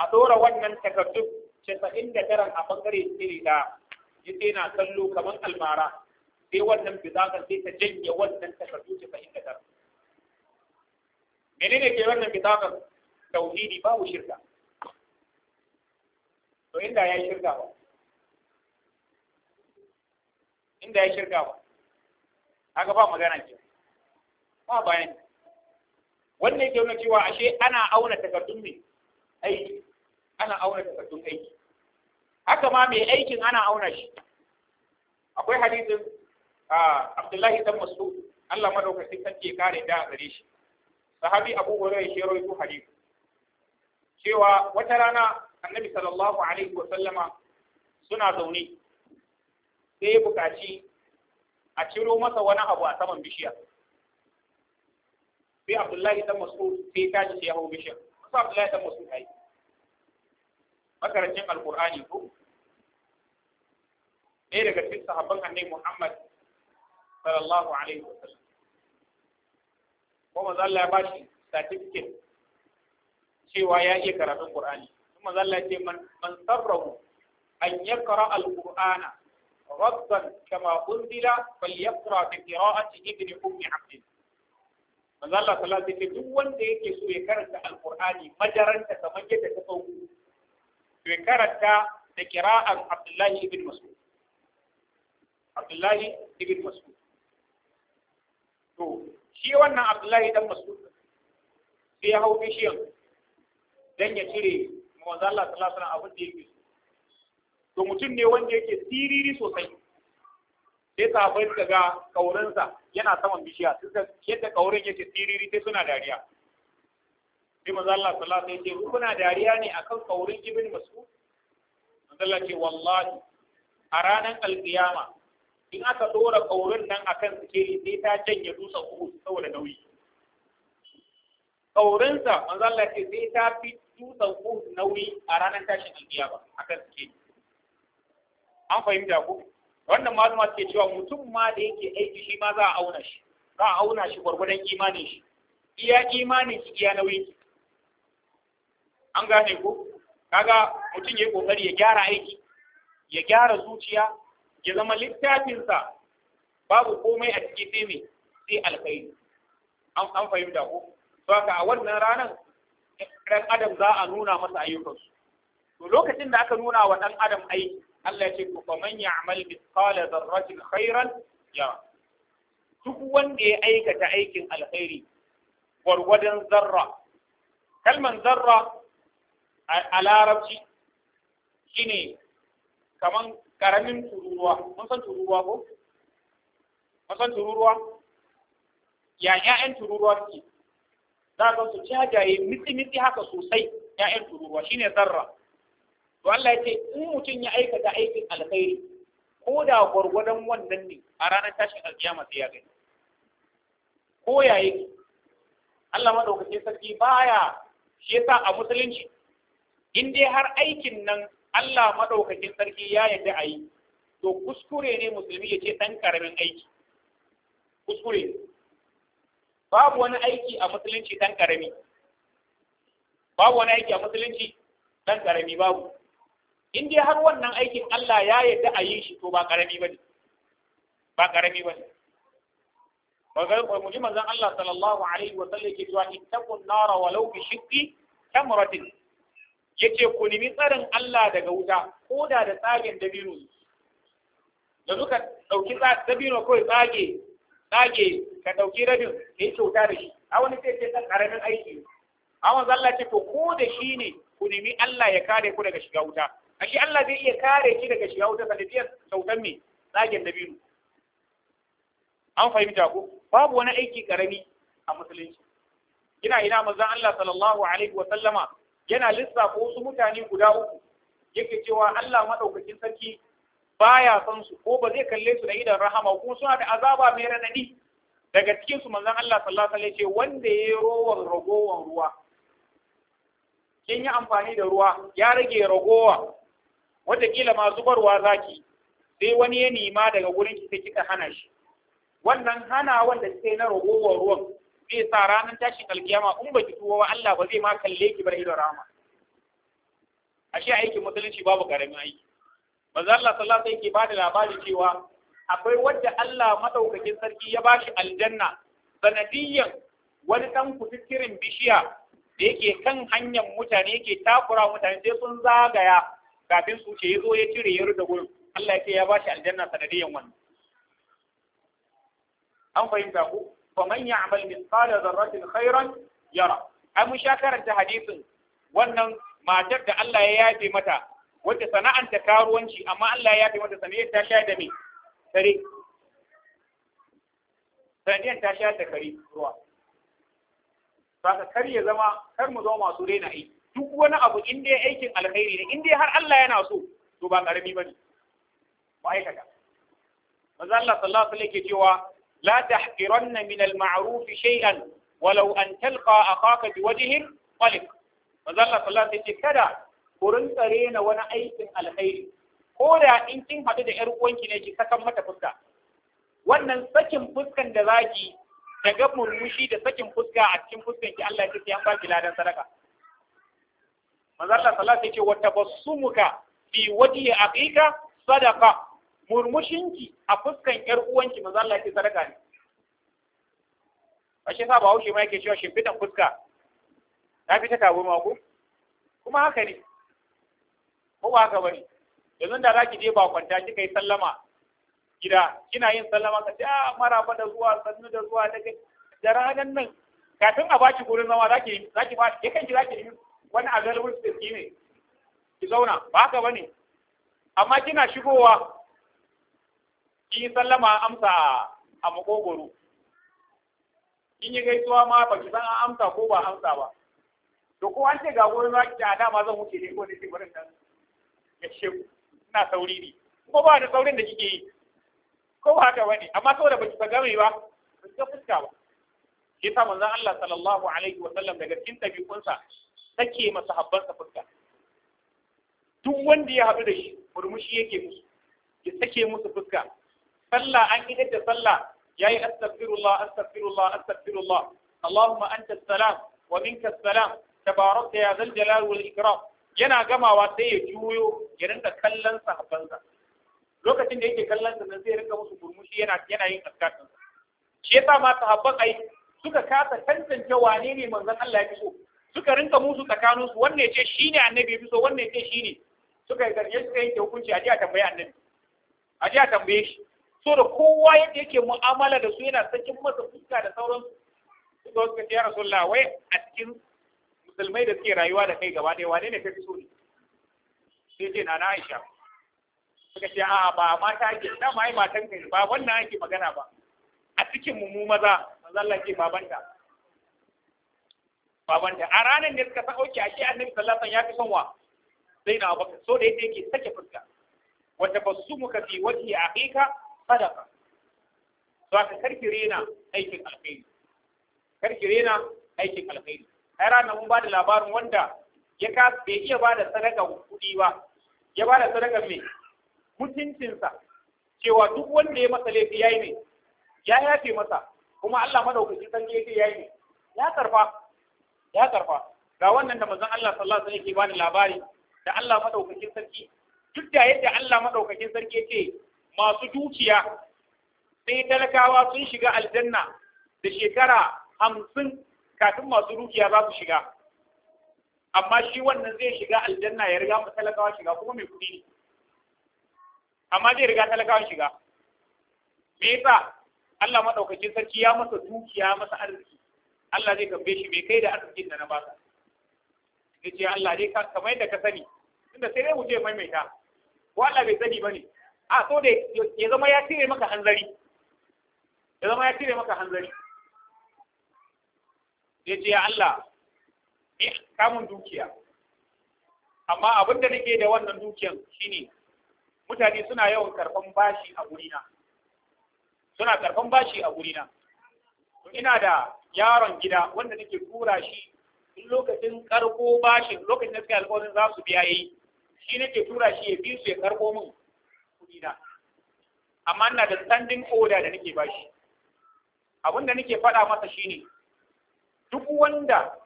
a ɗora wannan takardun casa'in da taran a bangare iri da ya sai na kallo kamar almara sai wannan bizakan sai ta janye wannan takardu casa'in da taran menene ke wannan bizakan tauhidi babu shirka to inda ya yi shirka ba inda ya shirka ba haka ba magana ke ba bayani wannan ke wani cewa ashe ana auna takardun ne aiki ana auna takardun aiki haka ma mai aikin ana auna shi akwai hadisin Abdullahi dan Mas'ud Allah madaukakin sarki ya kare da gare shi sahabi Abu Hurairah ya rawaito hadisi cewa wata rana Annabi sallallahu alaihi wa sallama suna zaune sai ya buƙaci a ciro masa wani abu a saman bishiya sai Abdullahi dan Mas'ud sai ya tashi ya hau bishiya. sai Abdullahi dan Mas'ud ai makarancin alkur'ani ko ɗaya daga cikin sahabban annabi Muhammad sallallahu alaihi wa sallam ko manzo Allah ya bashi certificate cewa ya iya karatun Qur'ani kuma manzo Allah ya ce man man sarrahu an yaqra al-Qur'ana rabban kama unzila falyaqra bi qira'ati ibni ummi abd manzo Allah sallallahu alaihi wa sallam duk wanda yake so ya karanta al-Qur'ani madaranta kamar yadda ta sauko bai karanta da kira'an Abdullahi ibn Mas'ud Abdullahi ibn Mas'ud to shi wannan Abdullahi dan Mas'ud sai ya hau bishiyan dan ya cire manzo Allah sallallahu alaihi wasallam abin da yake to mutum ne wanda yake siriri sosai sai sahabbai bai daga kaurinsa yana saman bishiya sai yadda kaurin yake siriri sai suna dariya sai manzo Allah sallallahu alaihi wasallam ce kuna dariya ne akan kaurin ibn mas'ud manzo Allah ce wallahi a ranar alkiyama in aka dora kaurin nan akan suke sai ta janye dutsen uku saboda nauyi kaurinsa manzo Allah ce sai ta fi dutsen uku nauyi a ranar tashin alkiyama akan suke an fahimta ku wannan maluma suke cewa mutum ma da yake aiki shi ma za a auna shi za a auna shi gwargwadon imanin shi iya imanin shi iya nauyin an gane ko kaga mutum ya yi ƙoƙari ya gyara aiki ya gyara zuciya ya zama littafinsa babu komai a cikin sai mai sai alkhairi an fahimta ko to haka a wannan ranar ɗan adam za a nuna masa ayyukansu to lokacin da aka nuna wa ɗan adam aiki Allah ya ce ku fa man ya'mal mithqala dharratin khairan ya duk wanda ya aikata aikin alkhairi gwargwadon zarra kalman zarra a larabci shine kaman karamin tururuwa mun san tururuwa ko mun san tururuwa ya 'ya'yan tururuwa suke za a su jajaye mitsi mitsi haka sosai Ya'yan tururuwa shine zarra to Allah ya ce in mutum ya aikata aikin alkhairi ko da gwargwadon wannan ne a ranar tashin alkiyama sai ya gani ko ya yake Allah madaukake sarki baya shi yasa a musulunci in dai har aikin nan Allah maɗaukakin sarki ya yarda a yi to kuskure ne musulmi ya ce ɗan ƙaramin aiki kuskure babu wani aiki a musulunci ɗan ƙarami babu wani aiki a musulunci ɗan ƙarami babu in dai har wannan aikin Allah ya yarda a yi shi to ba ƙarami ba ne ba ƙarami ba ne mu ji manzon Allah sallallahu alaihi wa sallam ke cewa ittaqun nara walau bi shiqqi tamratin ce ku nemi tsarin Allah daga wuta ko da da tsagen dabino da suka dauki dabino kawai tsage tsage ka dauki rabin ka yi kyauta da shi a wani sai ce dan karamin aiki a wanzu Allah ce to ko da shi ne ku nemi Allah ya kare ku daga shiga wuta a shi Allah zai iya kare ki daga shiga wuta sanadiyar kyautan me tsagen dabino an fahimta ku babu wani aiki karami a musulunci ina ina manzon Allah sallallahu alaihi wa sallama yana lissafa wasu mutane guda uku yake cewa Allah madaukakin sarki baya san su ko ba zai kalle su da idan rahama ko suna da azaba mai ranani. daga cikin su manzon Allah sallallahu alaihi wasallam wanda yayi rowan ragowan ruwa kin yi amfani da ruwa ya rage ragowa wata kila masu barwa zaki sai wani ya nima daga gurin ki sai kika hana shi wannan hana wanda sai na ragowar ruwan zai sa ranar tashin alkiyama in baki tuwa wa Allah ba zai ma kalle ki bar ido rama ashe aikin musulunci babu karamin aiki manzo Allah sallallahu alaihi yake da labarin cewa akwai wanda Allah madaukakin sarki ya bashi aljanna sanadiyan wani dan kututtirin bishiya da yake kan hanyar mutane yake takura mutane sai sun zagaya kafin su ce yazo ya cire ya rufe gurin Allah ya ce ya bashi aljanna sanadiyyan wannan an fahimta ku fa man ya'mal mithqala dharratin khairan yara An mun sha karanta hadisin wannan matar da Allah ya yafe mata wacce sana'anta karuwanci amma Allah ya yafe mata saniyar ta sha da kare ruwa saka ya zama kar mu zama masu rena aiki duk wani abu in dai aikin alkhairi ne in har Allah yana so to ba karami bane ma'aikata cewa la tahqiranna min al-ma'ruf shay'an walau an talqa akhaka bi wajhin talik manzo Allah sallallahu alaihi wasallam kada wani aikin alkhairi ko da in kin haɗu da 'yar uwanki ne ki sakan mata fuska wannan sakin fuskan da zaki da ga murmushi da sakin fuska a cikin fuskan ki Allah ya ce an baki ladan sadaka ce wa fi murmushinki a fuskan ƴar uwanki manzo Allah yake sadaka ne shi sa Bahaushe ma yake cewa shimfidan fuska ta fi ta kawo mako kuma haka ne ko ba haka bane yanzu da zaki je ba kwanta kika yi sallama gida kina yin sallama ka ce ah maraba da zuwa sannu da zuwa daga da ranar nan kafin a baki gurin zama zaki zaki ba ke kanki zaki yi wani available space ne ki zauna ba haka bane amma kina shigowa in sallama amsa a makogoro in yi gaisuwa ma ba ki san an amsa ko ba amsa ba to ko an ce ga gobe za ki ta dama zan wuce ne ko ne ce barin nan ya ce ina sauri ne ko ba da saurin da kike yi ko ba haka bane amma saboda baki ta gami ba ba ki fuska ba shi sa manzo Allah sallallahu alaihi wa sallam daga cikin tabi'unsa take masa habban sa fuska duk wanda ya haɗu da shi murmushi yake musu ya sake musu fuska sallah an idar da sallah ya yayi astaghfirullah astaghfirullah astaghfirullah Allahumma anta salam wa minka salam tabarakta ya zal jalal wal ikram yana gamawa sai ya juyo ya rinka kallon sahabbansa lokacin da yake kallon sa sai ya rinka musu burmushi yana yana yin askatin shi yasa ma sahabban ai suka kasa tantance wane ne manzon Allah ya fi so suka rinka musu tsakaninsu wanne ce shi ne annabi fi so wanne ce shi ne suka yi zarge suka yanke hukunci a ji a tambayi annabi a ji a tambaye shi so da kowa yadda yake mu'amala da su yana sakin masa fuska da sauran su ga wasu ya rasulullah wai a cikin musulmai da suke rayuwa da kai gaba ɗaya wane ne kafi so ne sai ce na na Aisha suka ce a ba mata ake na ma ai matan kai ba wannan ake magana ba a cikin mu mu maza manzo Allah ke babanta babanta a ranar ne suka sako a ashe annabi sallallahu alaihi wasallam ya fi son wa zainab so da yake sake fuska wata su muka fi wajhi aqiqa sadaka to aka karki rena aikin alkhairi karki rena aikin alkhairi ai ranar mun bada labarin wanda ya ka bai iya bada sadaka kuɗi ba ya bada sadaka me mutuncinsa cewa duk wanda ya masa laifi yayi ne ya yafe masa kuma Allah madaukaki san ya ce yayi ne ya karfa ya karfa ga wannan da manzon Allah sallallahu alaihi wasallam yake bani labari da Allah madaukakin sarki duk da yadda Allah madaukakin sarki yake masu dukiya sai talakawa sun shiga aljanna da shekara hamsin kafin masu dukiya za su shiga amma shi wannan zai shiga aljanna ya riga mu talakawa shiga kuma mai kuɗi ne amma zai riga talakawa shiga me yasa Allah madaukakin sarki ya masa dukiya masa arziki Allah zai tambaye shi me kai da arzikin da na ba baka yace Allah dai kamar yadda ka sani tunda sai dai mu je maimaita ko Allah bai sani bane a so da ya zama ya cire maka hanzari ya zama ya cire maka hanzari ya ce ya Allah eh kamun dukiya amma abin da nake da wannan dukiyan shine mutane suna yawan karban bashi a gurina suna karban bashi a gurina ina da yaron gida wanda nake tura shi lokacin karbo bashin lokacin da suka alƙawarin za su biya yi shi nake tura shi ya bi su ya karbo min kuɗi amma ina da standing order da nake bashi abin da nake faɗa masa shine duk wanda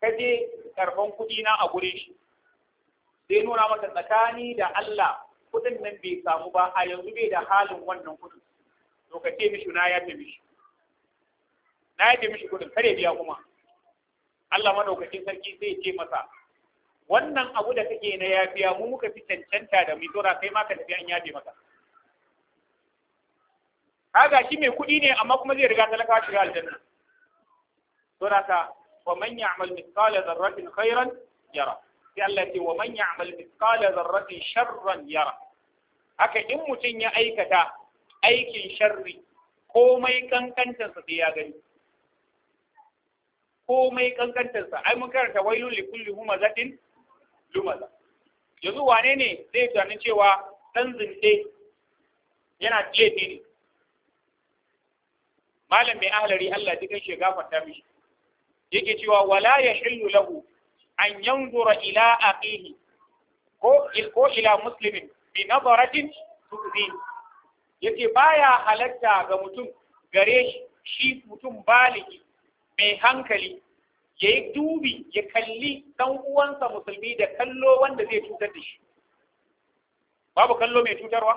ka je karban kuɗi na a gurin shi sai nuna masa tsakani da Allah kuɗin nan bai samu ba a yanzu bai da halin wannan kuɗin to ka ce mishi na yafe mishi na yafe mishi kuɗin kare biya kuma Allah madaukakin sarki zai ce masa wannan abu da kake na yafiya mu muka fi cancanta da mizora kai ma ka tafi an yafe maka kaga shi mai kuɗi ne amma kuma zai riga talaka shiga aljanna sura ta wa man ya'mal mithqala dharratin khairan yara sai Allah ya ce wa man ya'mal mithqala dharratin sharran yara haka in mutum ya aikata aikin sharri komai kankantarsa sai ya gani komai sa ai mun karanta wailul likulli kulli humazatin lumala yanzu wane ne zai tunanin cewa ɗan zinde yana laifi ne malam mai ahlari Allah dukan shi gafarta mishi yake cewa wala ya yahillu lahu an yanzura ila aqihi ko ko ila muslimin bi nazaratin tuzi yake baya halatta ga mutum gare shi shi mutum baliki mai hankali ya yi dubi ya kalli ɗan uwansa musulmi da kallo wanda zai cutar da shi babu kallo mai cutarwa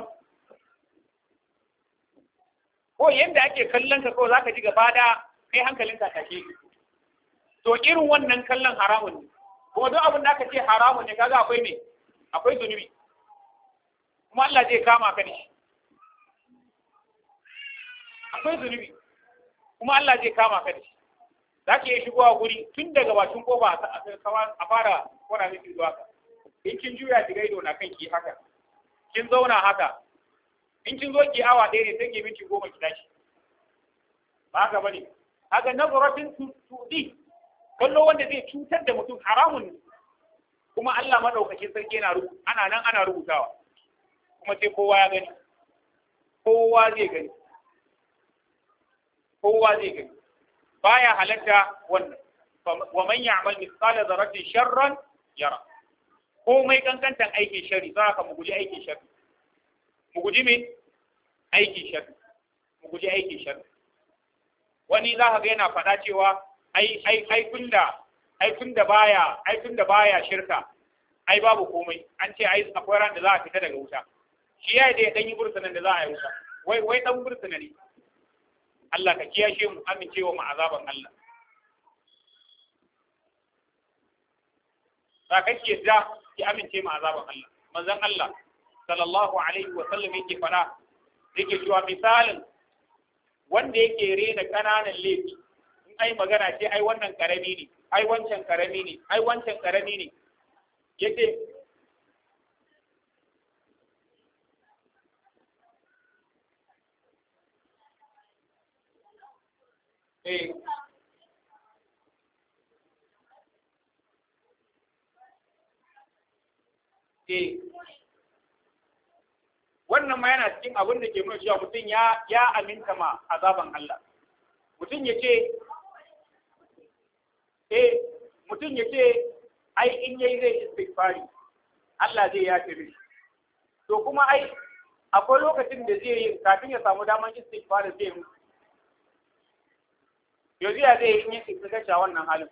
ko yadda ake kallon ka ko zaka ji gaba da kai hankalin ka take to irin wannan kallon haramun ne kuma duk abin da aka ce haramun ne kaga akwai me akwai zunubi kuma Allah zai kama ka da shi akwai zunubi kuma Allah zai kama ka da shi za ki iya shigowa guri tun daga bakin kofa a fara kona miki zuwa ka in kin juya ki gaido na kan ki haka kin zauna haka in kin zo ki awa ɗaya ne sai ki minti goma ki tashi ba haka bane haka nazaratin tudi kallo wanda zai cutar da mutum haramun kuma Allah madaukakin sarki yana ana nan ana rubutawa kuma sai kowa ya gani kowa zai gani kowa zai gani baya halatta wannan wa man ya'mal mithqala dharratin sharran yara komai kankantan aikin shari za ka mu guji aikin shari mu guji me aikin shari mu guji aikin shari wani za ka ga yana faɗa cewa ai ai ai tunda ai tunda baya ai tunda baya shirka ai babu komai an ce ai akwai ran da za a fita daga wuta shi ya da ya dan yi burtsanan da za a yi wuta wai wai dan burtsana ne Allah ka kiyashe mu amincewa mu azaban Allah ba ka ke da ki amince mu azaban Allah manzon Allah sallallahu alaihi wa sallam yake fara yake cewa misalin wanda yake rena kananan laifi in ai magana ce ai wannan karami ne ai wancan karami ne ai wancan karami ne yake eh eh wannan ma yana cikin abin da ke nuna cewa mutum ya ya aminta ma azaban Allah mutum ya ce eh mutum ya ce ai in yayi zai istighfari Allah zai yafe mishi to kuma ai akwai lokacin da zai yi kafin ya samu daman istighfari zai yanzu ya zai in yi tsirkaci a wannan halin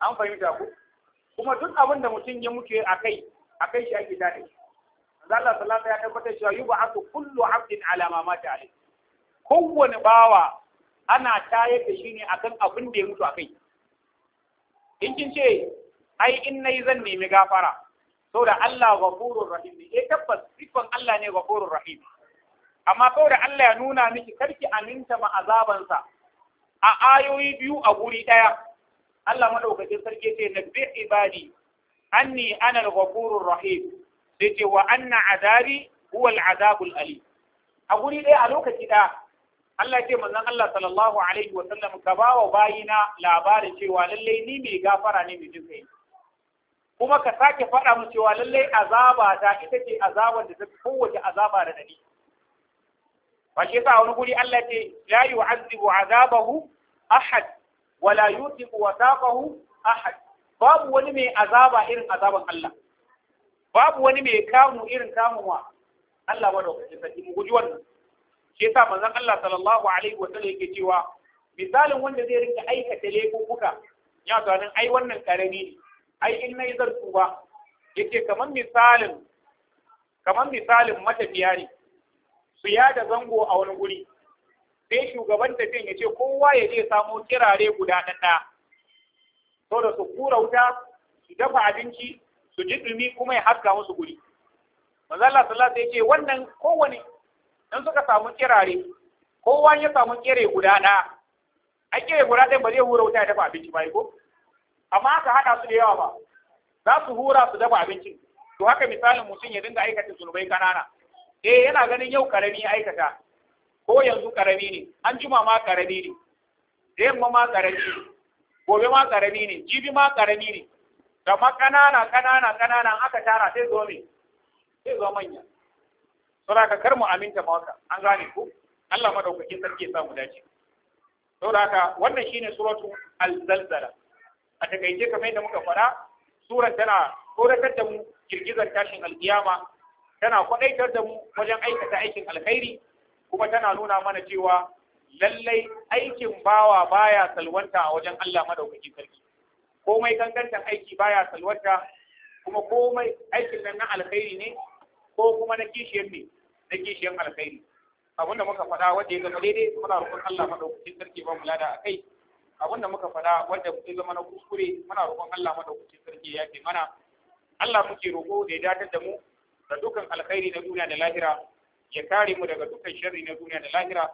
an fahimta ku kuma duk abin da mutum ya muke a kai a kai shi ake dade Allah sallallahu ya tabbatar cewa yub'athu kullu 'abdin ala ma mata alayh kowane bawa ana tayar da shi ne akan abin da ya mutu a kai in kin ce ai in nayi zan nemi gafara saboda Allah ghafurur rahim ne eh tabbas sifan Allah ne ghafurur rahim amma saboda Allah ya nuna miki karki aminta ma azabansa a ayoyi biyu a guri ɗaya Allah madaukakin sarki ce na bi ibadi anni ana al-ghafurur rahim sai ce wa anna a huwa al-azabul ali a guri ɗaya a lokaci ɗaya Allah ce manzon Allah sallallahu alaihi wa sallam ka bawa bayina labarin cewa lalle ni mai gafara ne mai jinkai kuma ka sake faɗa mu cewa lalle azaba ta ita ce azabar da ta kowace azaba da dadi ba shi wani guri Allah ce la yu'azzibu azabahu ahad wala yuthiqu wasaqahu ahad babu wani mai azaba irin azaban Allah babu wani mai irin kamun wa Allah madaukaki sarki mu guji wannan shi yasa manzon Allah wa yake cewa misalin wanda zai rinka aikata laifuka ya tunanin ai wannan karami ne ai in nayi zartu ba yake kaman misalin kamar misalin matafiya ne su da zango a wani guri sai shugaban tafiyan ya ce kowa ya je samo kirare guda ɗaya so da su kura wuta su dafa abinci su ji dumi kuma ya haska musu guri manzo Allah sallallahu alaihi ce wannan kowane dan suka samu kirare kowa ya samu kire guda ɗaya a kire guda ɗaya ba zai hura wuta ya dafa abinci ba ko amma aka haɗa su da yawa ba za su hura su dafa abincin to haka misalin mutum ya dinga aikata zunubai kanana eh yana ganin yau karami aikata ko yanzu karami ne an juma ma karami ne yamma ma karami ne gobe ma karami ne jibi ma karami ne gama kanana kanana kanana aka tara sai zo me sai zo manya saboda ka kar mu aminta ma wata an gane ku. Allah madaukakin sarki ya samu dace saboda ka wannan shine suratu al-zalzala a takaice kamar yadda muka faɗa surar tana ko da mu girgizar tashin alkiyama tana kwadaitar da mu wajen aikata aikin alkhairi kuma tana nuna mana cewa lallai aikin bawa baya salwanta a wajen Allah madaukaki sarki komai kangantan aiki baya salwanta kuma komai aikin nan na alkhairi ne ko kuma na kishiyar ne na kishiyar alkhairi Abunda muka faɗa wanda ya zama daidai muna roƙon Allah madaukakin sarki ba mu lada akai Abunda muka faɗa wanda ya zama na kuskure muna roƙon Allah madaukakin sarki ya ce mana Allah muke roƙo da ya dakatar da mu da dukan alkhairi na duniya da lahira ya kare mu daga dukan sharri na duniya da lahira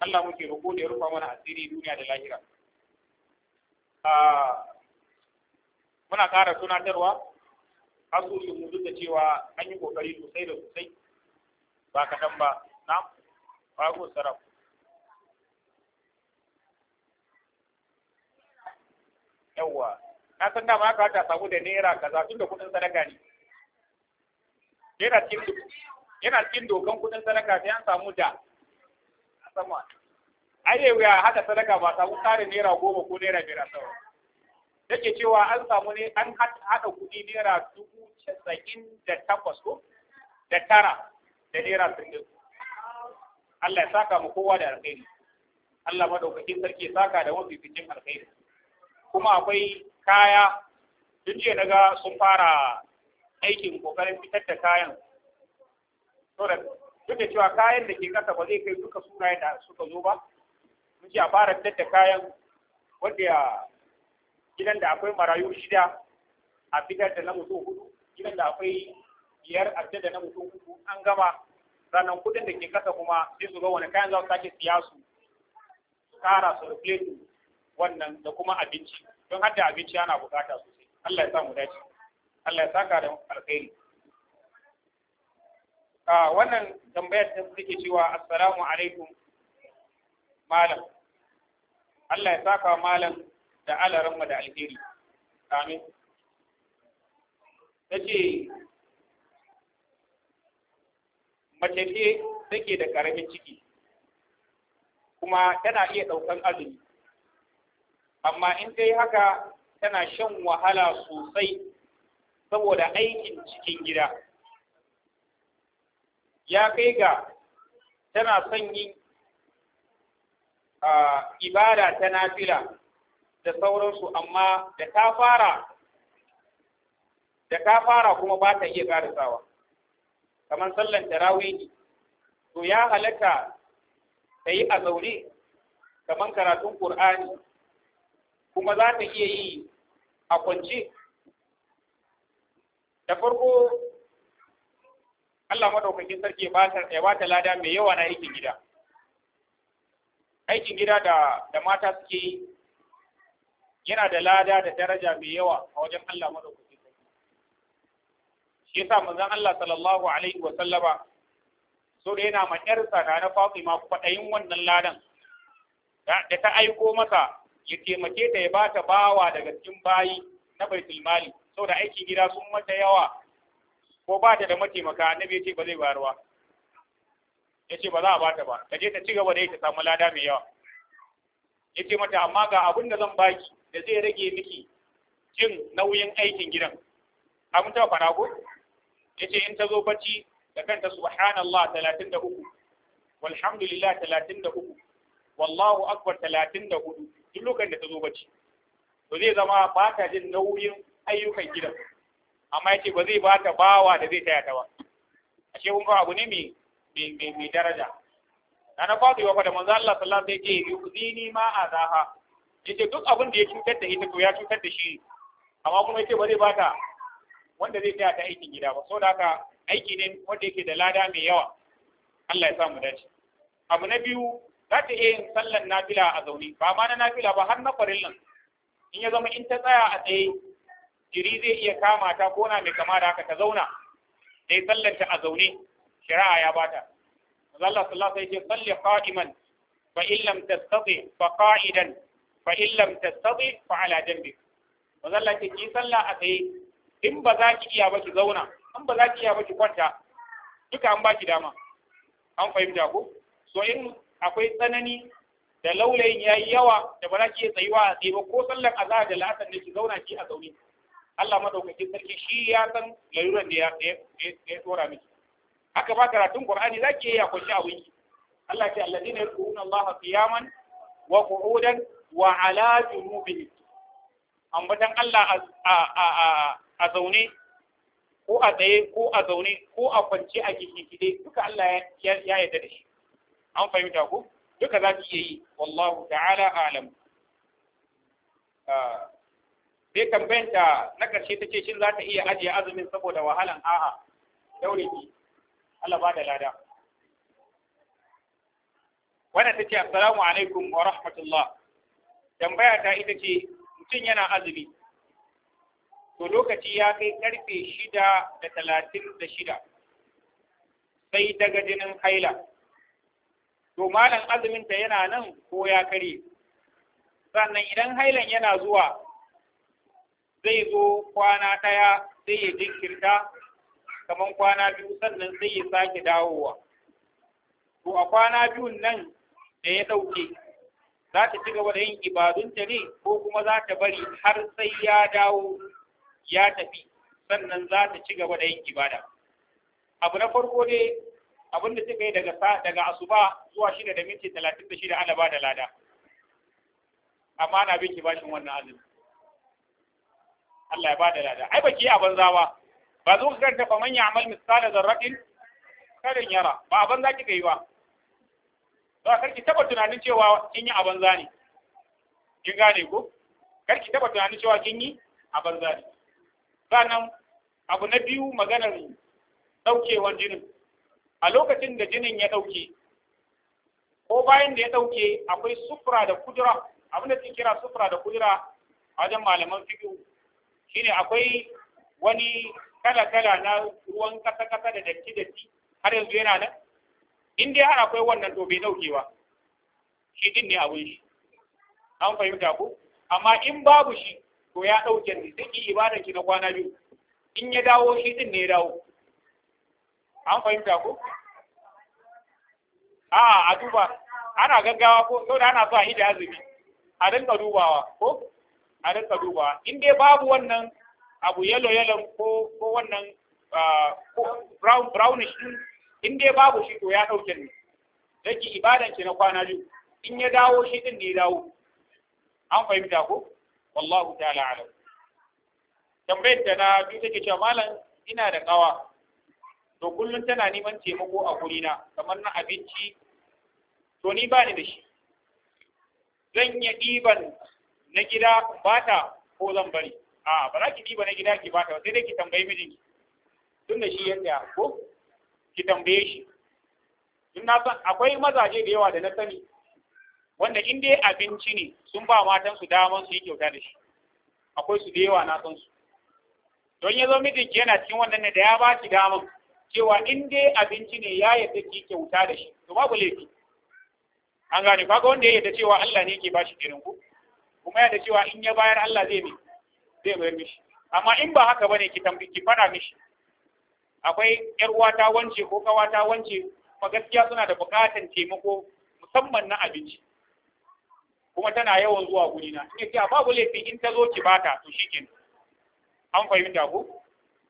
Allah muke roƙo da ya rufa mana asiri duniya da lahira muna ƙara tunatarwa asusun mu duk da cewa an yi kokari sosai da sosai ba kaɗan ba na bago sarrafa yawwa na san dama aka ta samu da naira kaza tun da kuɗin sadaka ne yana cikin yana cikin dokan kudin sadaka sai an samu da sama ai yau ya hada sadaka ba samu kare naira goma ko naira biyar sama yake cewa an samu ne an hada kudi naira dubu casa'in da takwas ko da tara da naira sirrin Allah ya saka mu kowa da alkhairi Allah madaukakin sarki ya saka da mafificin alkhairi kuma akwai kaya duk jiya ga sun fara aikin kokarin fitar da kayan saboda duk da cewa kayan da ke kasa ba zai kai duka sunayen da suka zo ba mun ce a fara fitar da kayan wanda ya gidan da akwai marayu shida a fitar da na mutum hudu gidan da akwai biyar a fitar da na mutum hudu an gama ranar kudin da ke kasa kuma sai su ga wani kayan za su sake siya su kara su replace wannan da kuma abinci don hadda abinci ana bukata sosai Allah ya sa mu dace Allah ya saka da alkhairi a wannan tambayar ta suke cewa assalamu alaikum malam Allah ya saka malam da mu da alheri amin tace mace ce take da karamin ciki kuma tana iya ɗaukan azumi amma in ta yi haka tana shan wahala sosai saboda aikin cikin gida ya kai ga tana son yin ibada ta nafila da sauransu amma da ta fara kuma ba ta iya karisawa kamar sallan tarawih to ya halatta ta yi a zaune kamar karatun ƙur'ani kuma za ta iya yi a kwance da farko Allah madaukakin sarki ya ba ta lada mai yawa na aikin gida aikin gida da da mata suke yi yana da lada da daraja mai yawa a wajen Allah madaukakin sarki shi yasa manzon Allah sallallahu alaihi wa sallama so da yana ma yarsa da na Fatima kwaɗayin wannan ladan da ta aiko masa ya taimake ta ya bata bawa daga cikin bayi na baitul mali saboda aikin gida sun mata yawa ko ba ta da mataimaka annabi ya ce ba zai bayarwa ya ce ba za a ba ta ba ta je ta ci gaba da ta samu lada mai yawa ya ce mata amma ga abin da zan baki da zai rage miki jin nauyin aikin gidan abin ta fara ko ya ce in ta zo bacci da kanta subhanallah talatin da uku walhamdulillah talatin da uku wallahu akbar talatin da hudu duk lokacin da ta zo bacci to zai zama ba ta jin nauyin ayyukan gidan amma yace ba zai bata bawa da zai taya ta ba ashe kun ga abu ne mai mai daraja na fadi yawa da manzo Allah sallallahu alaihi wasallam yake yuzini ma azaha yace duk abin da ya cutar da ita to ya cutar da shi amma kuma yace ba zai bata wanda zai taya ta aikin gida ba saboda haka aiki ne wanda yake da lada mai yawa Allah ya sa mu dace abu na biyu za ta iya yin sallan nafila a zaune ba ma na nafila ba har na farillan in ya zama in ta tsaya a tsaye jiri zai iya kama ta ko na mai kama da haka ta zauna sai sallanta a zaune shari'a ya bata manzo Allah sallallahu alaihi wasallam ce salli qa'iman fa in lam tastati fa qa'idan fa in lam tastati fa ala janbi Allah ce ki sallah a tsaye in ba za ki iya ba ki zauna in ba za ki iya ba ki kwanta duka an baki dama an fahimta ko so in akwai tsanani da laulayin yayi yawa da ba za ki iya tsayuwa a tsaye ba ko sallar azhar da la'asar ne ki zauna ki a zaune Allah madaukakin sarki shi ya san laluran da ya tsora miki haka ba karatun Qur'ani zaki iya kwanci a wuki Allah ce alladina yadkuruna Allah qiyaman wa qu'udan wa ala junubihim ambatan Allah a zaune ko a tsaye ko a zaune ko a kwance a kikikide duka Allah ya yadda da shi an fahimta ko duka za ki iya yi wallahu ta'ala a'lam ah. sai tambayar ta na ƙarshe ta ce shin za ta iya ajiye azumin saboda wahalan a'a daure ki Allah ba da lada wannan ta ce assalamu alaikum wa rahmatullah tambaya ta ita ce mutum yana azumi to lokaci ya kai karfe shida da talatin da shida sai daga jinin haila to malam ta yana nan ko ya kare sannan idan hailan yana zuwa zai zo kwana ɗaya sai ya jinkirta kamar kwana biyu sannan sai ya sake dawowa to a kwana biyun nan da ya ɗauke za ta ci gaba da yin ibadunta ne ko kuma za ta bari har sai ya dawo ya tafi sannan za ta ci gaba da yin ibada abu na farko dai abin da suka yi daga asuba zuwa shida da minti talatin da shida ana ba da lada amma na bin bashin wannan azumi Allah ya bada lada ai baki a banza ba ba zo ka karanta ba ya amal misala zarratin karin yara ba a banza kika yi ba ba karki taba tunanin cewa kin yi a banza ne kin gane ko karki taba tunanin cewa kin yi a banza ne sannan abu na biyu maganar daukewar jinin a lokacin da jinin ya dauke ko bayan da ya dauke akwai sufura da kudura abin da suke kira sufura da kudura a wajen malaman fiqh shine akwai wani kala-kala na ruwan kasa-kasa da datti-datti har yanzu yana nan in dai har akwai wannan to bai dauke ba shi din ne abun shi an fahimta ko amma in babu shi to ya dauke ne duk ibadar ki na kwana biyu in ya dawo shi din ne ya dawo an fahimta ko a a duba ana gaggawa ko yau da ana zuwa hijja azumi a dinka dubawa ko a rinka duba in dai babu wannan abu yellow yellow ko ko wannan brown brownish din in dai babu shi to ya dauke ne dake ibadan ki na kwana biyu in ya dawo shi din ne ya dawo an fahimta ko wallahu ta'ala alam tambayar da na biyu take cewa malam ina da kawa to kullum tana neman taimako a guri na kamar na abinci to ni ba da shi zan iya ɗiban na gida bata ko zan bari a ba za ki diba na gida ki bata sai dai ki tambayi mijinki tun da shi ya tsaya ko ki tambaye shi tun na san akwai mazaje da yawa da na sani wanda in dai abinci ne sun ba matan su daman su yi kyauta da shi akwai su da yawa na san su don ya zo mijinki yana cikin wannan ne da ya ba ki daman cewa in dai abinci ne ya yadda ki kyauta da shi to babu laifi an gane kaga wanda ya yadda cewa Allah ne ke bashi irin ku kuma yana cewa in ya bayar Allah zai bi zai bayar mishi amma in ba haka bane ki tambi ki fara mishi akwai yar uwa ta wance ko kawa ta wance kuma gaskiya suna da bukatan taimako musamman na abinci kuma tana yawan zuwa guri na in ce babu laifi in ta zo ki bata to shikin an fahimta ko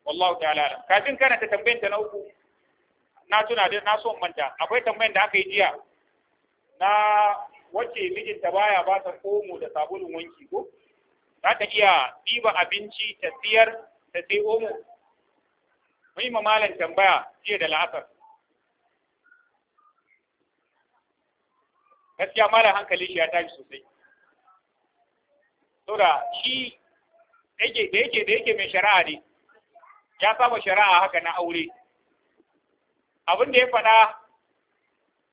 wallahu ta'ala kafin kana ta tambayin ta na uku na tuna da na so manta akwai tambayin da aka yi jiya na wacce mijinta baya ba ta omo da sabulun wanki ko za ta iya ɗiba abinci ta siyar ta sai omo mai mamalan tambaya jiya da la'asar gaskiya mara hankali shi ya tashi sosai da shi da yake da yake mai shari'a ne ya saba shari'a haka na aure abin da ya faɗa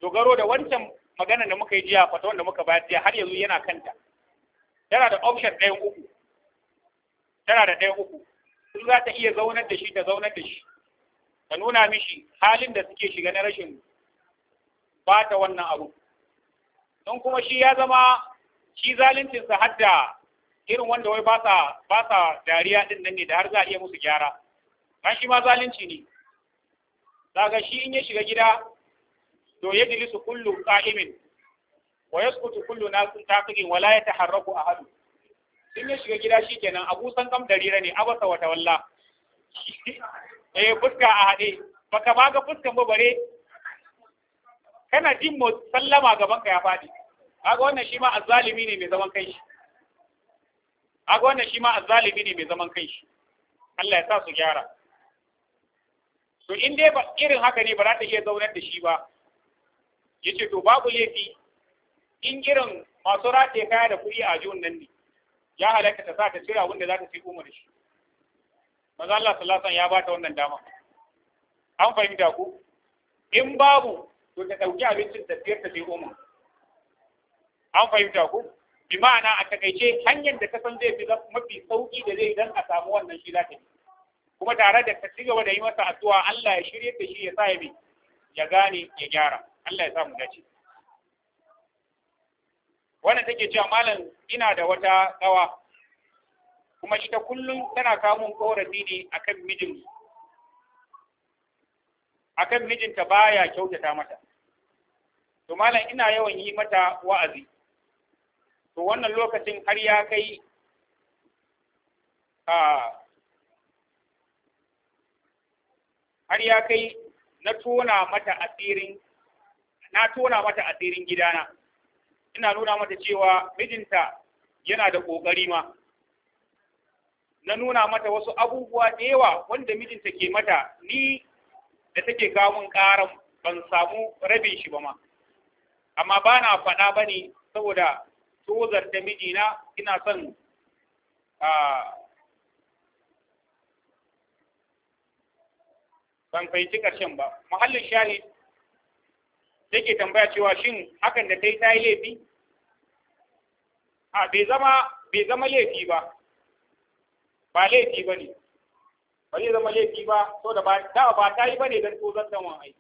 dogaro da wancan maganar da muka yi jiya fata wanda muka bayar jiya har yanzu yana kanta tana da option ɗayan uku tana da ɗayan uku su za ta iya zaunar da shi ta zaunar da shi ta nuna mishi halin da suke shiga na rashin ba ta wannan abu don kuma shi ya zama shi zaluncinsa har da irin wanda wai ba sa dariya din nan ne da har za a iya musu gyara ran shi ma zalunci ne daga shi in ya shiga gida to yajlisu kullu qa'imin wa yasqutu kullu nasin taqiqin wa la yataharraku ahad in ya shiga gida shikenan abu san kam darira ne abasa wata walla. eh fuska a hade baka ba ga fuskan ba bare kana jin mu sallama gaban ka ya fadi kaga wannan shi ma azzalimi ne mai zaman kai kaga wannan shi ma azzalimi ne mai zaman kai Allah ya sa su gyara to in dai ba irin haka ne ba za ta iya zaunar da shi ba Ya ce to babu laifi in irin masu rataye kaya da kuɗi a jiwon nan ne ya halaka ta sa ta cire abin da za ta sai umar shi maza Allah sallallahu ya bata wannan dama an fahimta ku in babu to ta ɗauki abincin tafiyar ta sai umar an fahimta ku bi ma'ana a takaice hanyar da ta san zai fi mafi sauki da zai dan a samu wannan shi za ta yi kuma tare da ta cigaba da yi masa addu'a Allah ya shirye ta shi ya sa ya bi ya gane ya gyara Allah ya sa mu dace wannan take cewa malam ina da wata kawa kuma ita kullum tana kamun korafi ne akan mijin akan mijinta baya kyautata mata to malam ina yawan yi mata wa'azi to wannan lokacin har ya kai har ya kai na tona mata asirin na tona mata asirin gidana ina nuna mata cewa mijinta yana da ƙoƙari ma na nuna mata wasu abubuwa da yawa wanda mijinta ke mata ni da take gamun ƙaran ban samu rabin shi ba ma amma ba na faɗa ba ne saboda tozar da mijina ina son ban fahimci ƙarshen ba muhallin shahid take tambaya cewa shin hakan da kai ta yi laifi a bai zama bai zama laifi ba ba laifi ba ne ba zai zama laifi ba so da ba da ba ta yi ba ne don tozon da wani aiki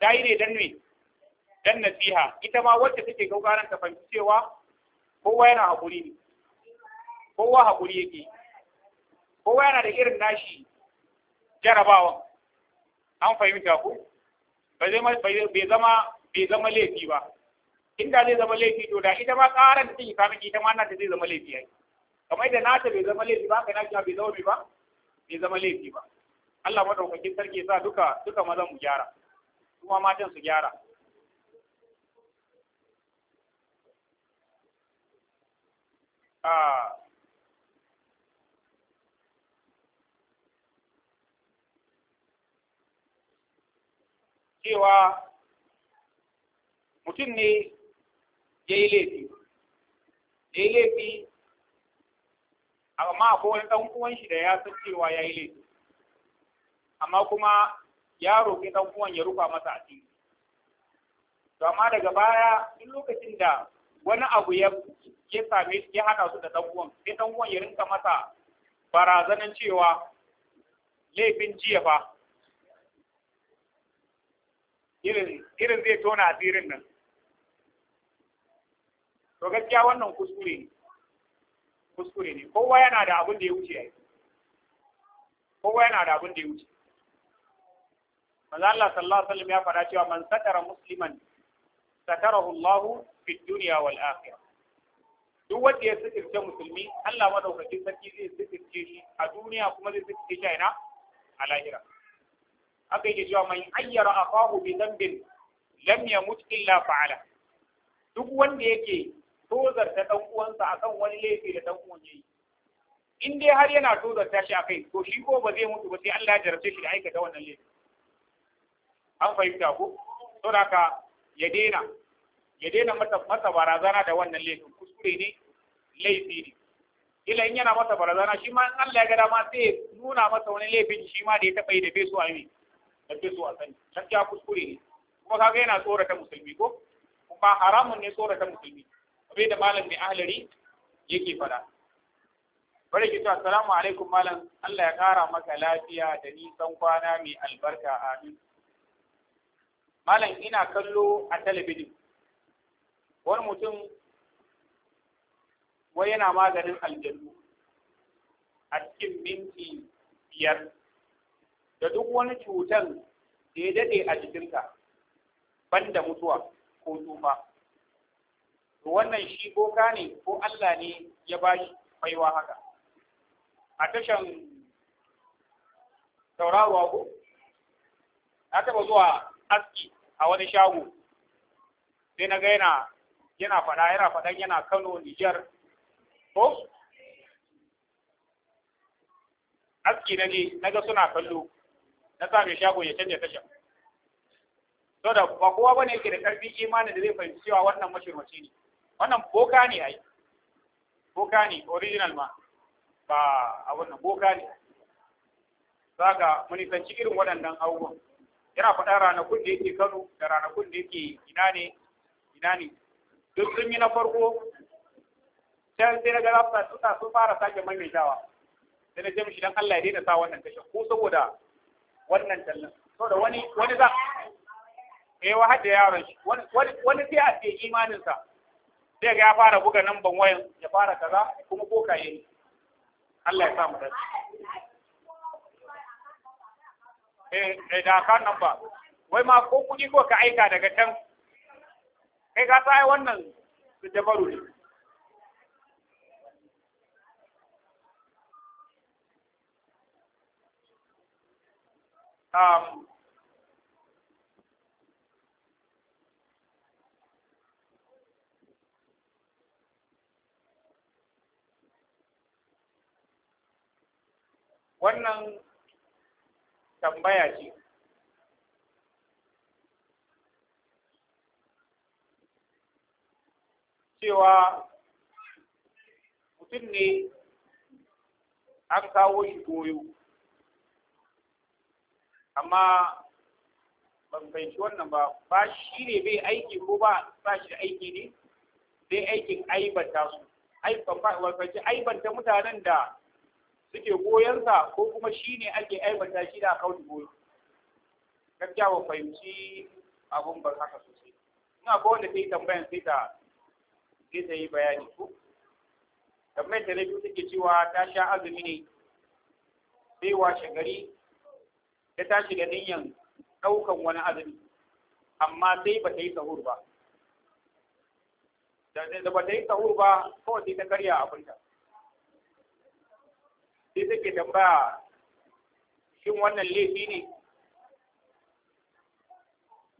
ta yi ne don ne don nasiha ita ma wacce take gaugaran ta fahimci cewa kowa yana haƙuri ne kowa haƙuri yake kowa yana da irin nashi jarabawa an fahimta ku bai zama bai zama laifi ba inda zai zama laifi to da ita ma ƙarar da take samun ita ma nata zai zama laifi ai kamar da nata bai zama laifi ba kana cewa bai zama bai ba bai zama laifi ba Allah madaukakin sarki sa duka duka mazan mu gyara kuma matan su gyara ah cewa mutum ne ya yi laifi ya yi laifi amma akwai wani ɗan uwan shi da ya san cewa ya yi laifi amma kuma ya roƙi ɗan uwan ya rufa masa a cikin to amma daga baya duk lokacin da wani abu ya ya same ya haɗa su da ɗan uwan sai ɗan uwan ya rinka masa barazanan cewa laifin jiya fa irin zai tona a asirin nan to gaskiya wannan kuskure ne kuskure ne kowa yana da abin da ya wuce yi, kowa yana da abin da ya wuce Maza Allah sallallahu alaihi wasallam ya fara cewa man satara musliman satara Allahu fi duniya wal akhirah duk wanda ya sitirce musulmi Allah madaukakin sarki zai sitirce shi a duniya kuma zai sitirce shi a ina a lahira aka yake cewa mai ayyara fahu bi zambin lam mutu illa fa'ala duk wanda yake tozarta dan uwansa akan wani laifi da dan uwan yayi in dai har yana tozarta shi akai to shi ko ba zai mutu ba sai Allah ya jarabce shi da aikata wannan laifi an fahimta ku to haka ya daina ya daina masa masa barazana da wannan laifin kuskure ne laifi ne ila in yana masa barazana shi ma in Allah ya ga dama sai nuna masa wani laifin shi ma da ya taɓa yi da bai so a yi da ke so a sani gaskiya kuskure ne kuma kaga yana tsorata musulmi ko kuma haramun ne tsorata musulmi abe da malam mai ahlari yake fada bare ki ta assalamu alaikum malam Allah ya kara maka lafiya da nisan kwana mai albarka amin malam ina kallo a talabijin wani mutum wai yana maganin aljannu a cikin minti biyar da duk wani cutar da ya daɗe a jikinka banda mutuwa ko tsufa to wannan shi boka ne ko Allah ne ya ba shi baiwa haka a tashan taurawa ko na taɓa zuwa aski a wani shago sai na ga yana yana faɗa yana faɗan yana Kano Nijar ko aski na je na ga suna kallo na sa mai shago ya canja tashar. so da ba kowa bane yake da karfin imani da zai fahimci cewa wannan mashirmaci ne wannan boka ne ai boka ne original ma ba a wannan boka ne saka mun sanci irin waɗannan abubuwan yana faɗa ranakun da yake Kano da ranakun da yake ina ne ina ne duk sun yi na farko can sai na ga za su sun fara sake maimaitawa sai na ce shi don Allah ya daina sa wannan tashar ko saboda wannan tallan so da wani wani za eh wa hadda yaron shi wani wani sai a ce imanin sa sai ga ya fara buga namban wayan ya fara kaza kuma boka yayi Allah ya sa mu dace eh eh da kan namba wai ma ko kudi ko ka aika daga can kai ka sai wannan su jabaru ne um, wannan tambaya ce cewa mutum ne an kawo shi goyo amma ban fahimci wannan ba ba shi ne bai aiki ko ba ba shi da aiki ne sai aikin aibata su aibanci aibata mutanen da suke goyonsa ko kuma shi ne ake aibata shi da akawun goyo gaskiya ba fahimci abun ba haka sosai ina ko wanda ta yi tambayan sai ta sai ta yi bayani ko tambayar ta na biyu take cewa ta sha azumi ne sai washe gari ta tashi da niyyan ɗaukan wani azumi amma sai ba ta yi sahur ba da ba ta yi sahur ba kawai sai ta karya abinta sai take tambaya shin wannan laifi ne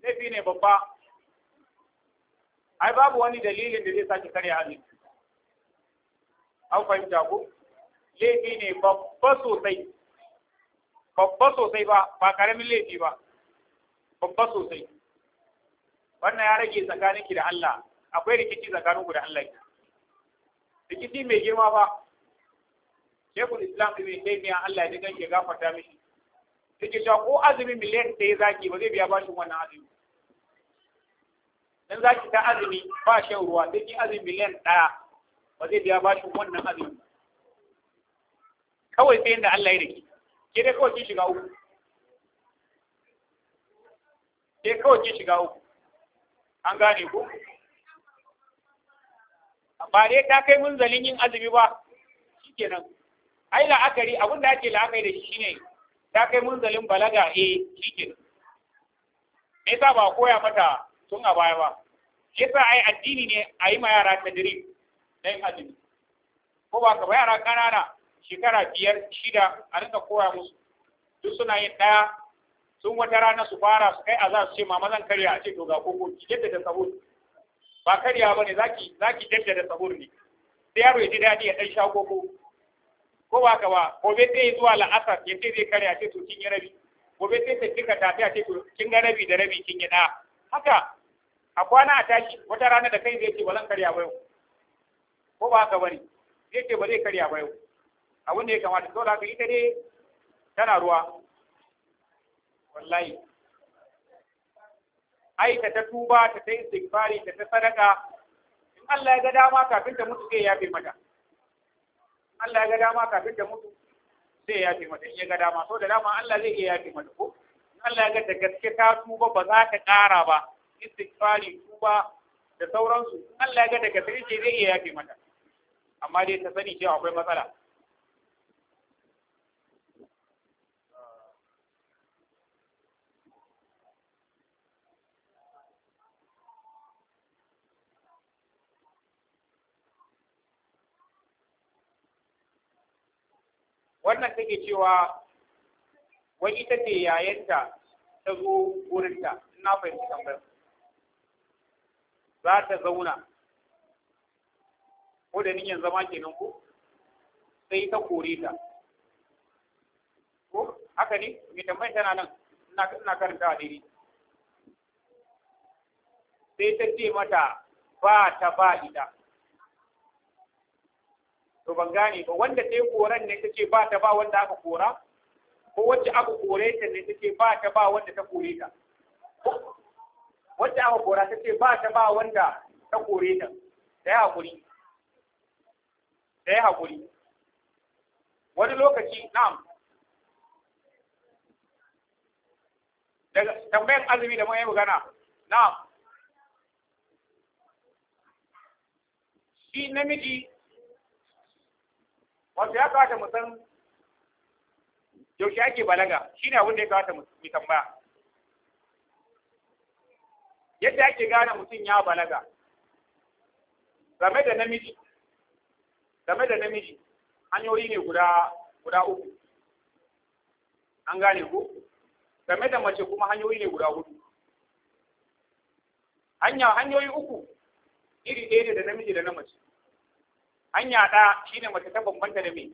laifi ne babba ai babu wani dalilin da zai sake karya azumi an fahimta ku laifi ne babba sosai babba sosai ba ba karamin laifi ba babba sosai wannan ya rage tsakaninki da Allah akwai rikici tsakaninku da Allah rikici mai girma ba shekul islam ibn taymiya Allah ya dinga ya gafarta mishi yake cewa ko azumi miliyan yi zaki ba zai biya bashin wannan azumi dan zaki ta azumi ba shan ruwa sai ki azumi miliyan ɗaya ba zai biya bashin wannan azumi kawai sai yanda Allah ya rike ke kawai ki shiga uku ke kawai ki shiga uku an gane ku ba dai ta kai munzalin yin azumi ba shikenan ai la'akari abin da ake la'akari da shi shine ta kai munzalin balaga eh shikenan me yasa ba koya mata tun a baya ba yasa ai addini ne a yi ma yara tadrib na yin azumi ko ba ka ba yara kanana shekara biyar shida a rinka koya musu duk suna yin ɗaya sun wata rana su fara su kai azar su ce mama zan karya a ce to ga koko ki jaddada sabur ba karya bane zaki zaki jaddada sabur ne sai yaro ya ji daɗi ya ɗan sha koko ko ba ka ba gobe sai ya zuwa la'asar ya ce zai karya ce to kin yi rabi gobe sai ta cika tafi a ce to kin ga rabi da rabi kin yi ɗaya haka a kwana a tashi wata rana da kai zai ce ba zan karya ba yau ko ba ka bane zai ce ba zai karya ba yau abinda ya kamata saboda yi ita dai tana ruwa wallahi aika ta ta tuba ta ta istighfari ta ta sadaka in Allah ya ga dama kafin ta mutu sai ya fi mata Allah ya ga dama kafin ta mutu sai ya fi mata in ya ga dama so da dama Allah zai iya ya fi mata ko in Allah ya ga da gaske ta tuba ba za ta ƙara ba istighfari tuba da sauransu in Allah ya ga da gaske zai iya ya fi mata amma dai ta sani cewa akwai matsala wannan take cewa wai ita ce yayanta ta zo wurinta ina fahimci tambayar za ta zauna ko da niyan zama kenan ko sai ta kore ta ko haka ne mai tambayar tana nan ina karanta daidai sai ta ce mata ba ta ba ita to ban gane ba wanda ta koran ne take ba ta ba wanda aka kora ko wacce aka kore ta ne take ba ta ba wanda ta kore ta wacce aka kora ta ba ta ba wanda ta kore ta da ya hakuri da ya hakuri wani lokaci na'am daga tambayar azumi da mai magana na'am shi namiji wato ya kawata mu san yaushe ake balaga shi ne abinda ya kawata mu tambaya yadda ake gane mutum ya balaga game da namiji game da namiji hanyoyi ne guda guda uku an gane ku game da mace kuma hanyoyi ne guda hudu hanya hanyoyi uku iri ɗaya ne da namiji da na mace hanya ɗaya shine mace ta bambanta da me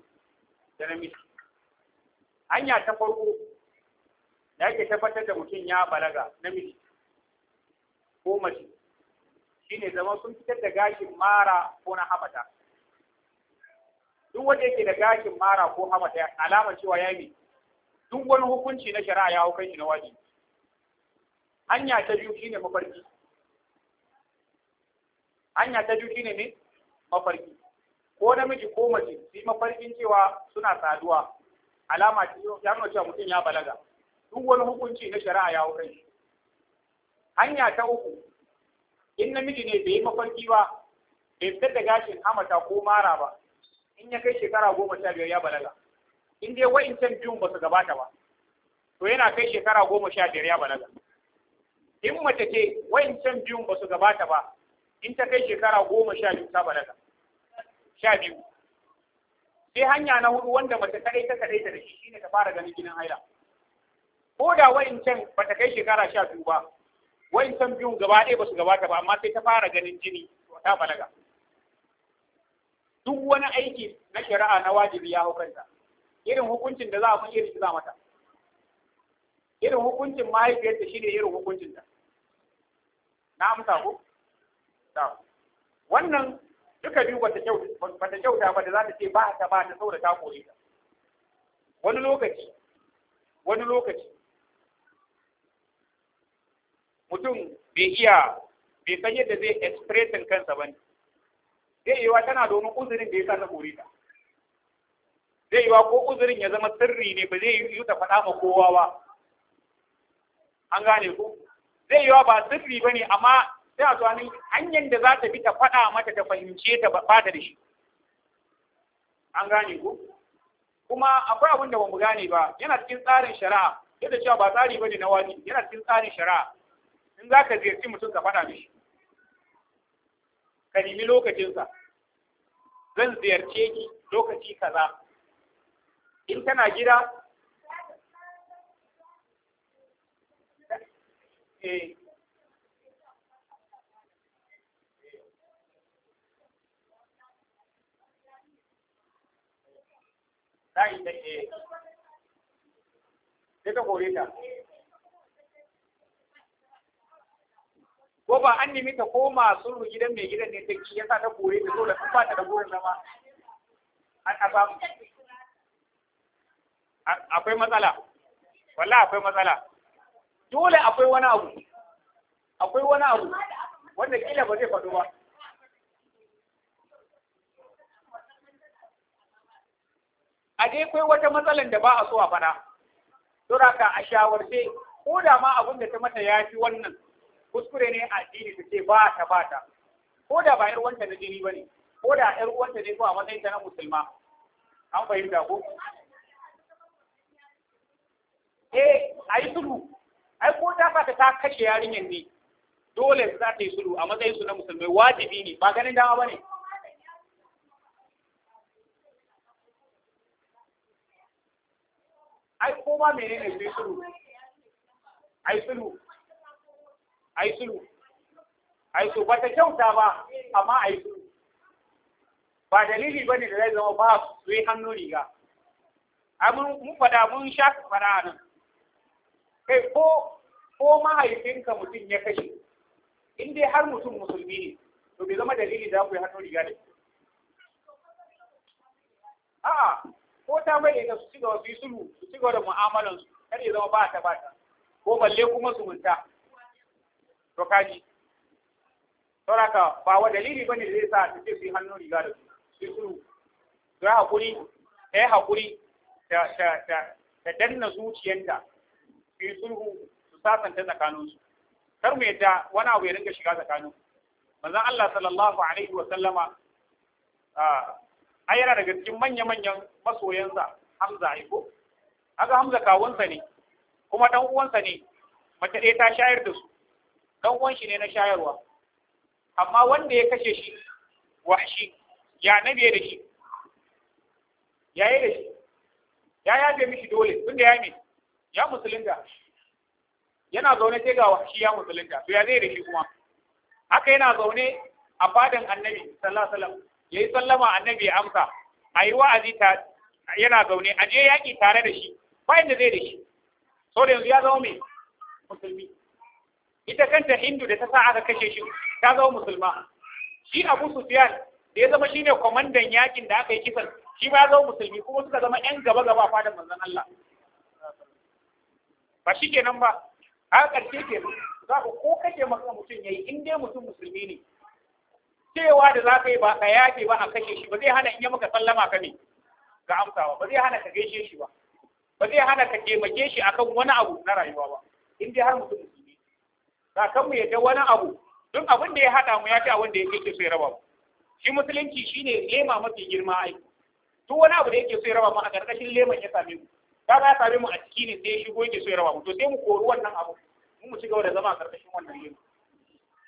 da namiji hanya ta farko da yake tabbatar da mutum ya balaga namiji ko mace shine zama sun fitar da gashin mara ko na habata duk wanda yake da gashin mara ko habata alama cewa ya yi duk wani hukunci na shari'a ya hukan shi na wajibi hanya ta biyu shine mafarki hanya ta biyu shine ne mafarki ko namiji ko mace su yi mafarkin cewa suna saduwa alama ya nuna cewa mutum ya balaga duk wani hukunci na shari'a ya wuce hanya ta uku in namiji ne bai yi mafarki ba bai fitar da gashin Amata ko mara ba in ya kai shekara goma sha biyar ya balaga in dai wa'incan biyun ba su gabata ba to yana kai shekara goma sha biyar ya balaga in mace ce wa'incan biyun ba su gabata ba in ta kai shekara goma sha biyu ta balaga sha biyu sai hanya na hudu wanda mace kadai ta kadai ta da shi shine ta fara ganin jinin haila ko da can ba ta kai shekara sha biyu ba can biyun gaba ɗaya ba su gabata ba amma sai ta fara ganin jini to ta balaga duk wani aiki na shari'a na wajibi ya hukunta irin hukuncin da za a mun irin za mata irin hukuncin mahaifiyarta shine irin hukuncin ta na amsa ku wannan duka biyu ba kyauta kyauta ba da za ta ce ba ta ba ta saurata ta kore ta wani lokaci wani lokaci mutum bai iya bai san yadda zai expressin kansa ba ne zai yiwa tana domin uzurin da ya sa ta kore ta zai yiwa ko uzurin ya zama sirri ne ba zai yi ta faɗa ma kowa ba an gane ko zai yiwa ba sirri ba ne amma sai a zuwa hanyar da za ta bi ta faɗa mata ta fahimce ta ba ta da shi an gane ku kuma akwai abin da bamu gane ba yana cikin tsarin shari'a yadda cewa ba tsari bane na wani yana cikin tsarin shari'a in za ka ziyarci mutum ka faɗa mishi ka nemi lokacinsa zan ziyarce ki lokaci kaza in tana gida eh, ta yi ta ke sai ta kore ta ko ba an nemi ta koma sulhu gidan mai gidan ne ta ki yasa ta kore ta so da ba ta da gurin zama an a samu akwai matsala walla akwai matsala dole akwai wani abu akwai wani abu wanda kila ba zai faɗo ba a dai kai wata matsalan da ba a so a fada saboda ka a shawarce ko da ma abin da ta mata ya fi wannan kuskure ne a addini ta ce ba ta ba ta ko da ba yar uwanta na jini bane ko da yar uwanta ne ko a matsayin ta na musulma an fahimta ko eh ayi sulhu ai ko ta ka ta kashe yarinyan ne dole za ta yi sulhu a matsayin su na musulmai wajibi ne ba ganin dama bane ai ko mene menene sai sulu ai sulu ai sulu ai ba bata kyauta ba amma ai sulu ba dalili bane da zai zama ba su yi hannu riga ai mun fada mun sha fara nan kai ko ko mahaifinka mutum ya kashe in dai har mutum musulmi ne to bai zama dalili da ku yi hannu riga da a'a ko ta mai da su cigaba su yi sulhu su cigaba da mu'amalan su kar ya zama ba ta ba ta ko balle kuma su munta to kaji sauraka ba wa dalili bane da zai sa su ce su yi hannun riga da su su yi sulhu su yi hakuri ta yi hakuri ta danna zuciyanta su yi sulhu su sasanta tsakaninsu kar mu yadda wani abu ya ringa shiga tsakanin manzon Allah sallallahu alaihi wa sallama ah, ai yana daga cikin manya-manyan masoyansa Hamza Aiko. ko kaga Hamza kawunsa ne kuma dan uwansa ne mace ɗaya ta shayar da su dan uwan shi ne na shayarwa amma wanda ya kashe shi wahshi ya nabe da shi ya yi da shi ya yaje mishi dole da ya mai." ya musulunta yana zaune sai ga wahshi ya musulunta to ya zai da shi kuma haka yana zaune a fadin annabi sallallahu alaihi wasallam yayi sallama annabi ya amsa ayi wa'azi ta yana zaune a je yaki tare da shi ba inda zai da shi sau da yanzu ya zama mai musulmi ita kanta hindu da ta sa aka kashe shi ta zama musulma shi abu sufiyan da ya zama shine kwamandan yakin da aka yi kisan shi ba zama musulmi kuma suka zama yan gaba gaba fadan manzon Allah ba shi kenan ba a ƙarshe ke za ku ko kake maka mutum yayi in dai mutum musulmi ne cewa da za ka yi ba ka yaƙi ba a kashe shi ba zai hana in yi maka sallama ka ne ga amsawa ba zai hana ka gaishe shi ba ba zai hana ka taimake shi akan wani abu na rayuwa ba in dai har mutum musulmi ba kan mu yadda wani abu duk abin da ya haɗa mu ya ci abin da yake so ya raba mu shi musulunci shine lema mafi girma ai duk wani abu da yake so ya raba mu a ƙarƙashin leman ya same mu ka ga ya same mu a ciki ne sai shigo yake so ya raba mu to sai mu kori wannan abu mu mu ci gaba da zama a ƙarƙashin wannan lema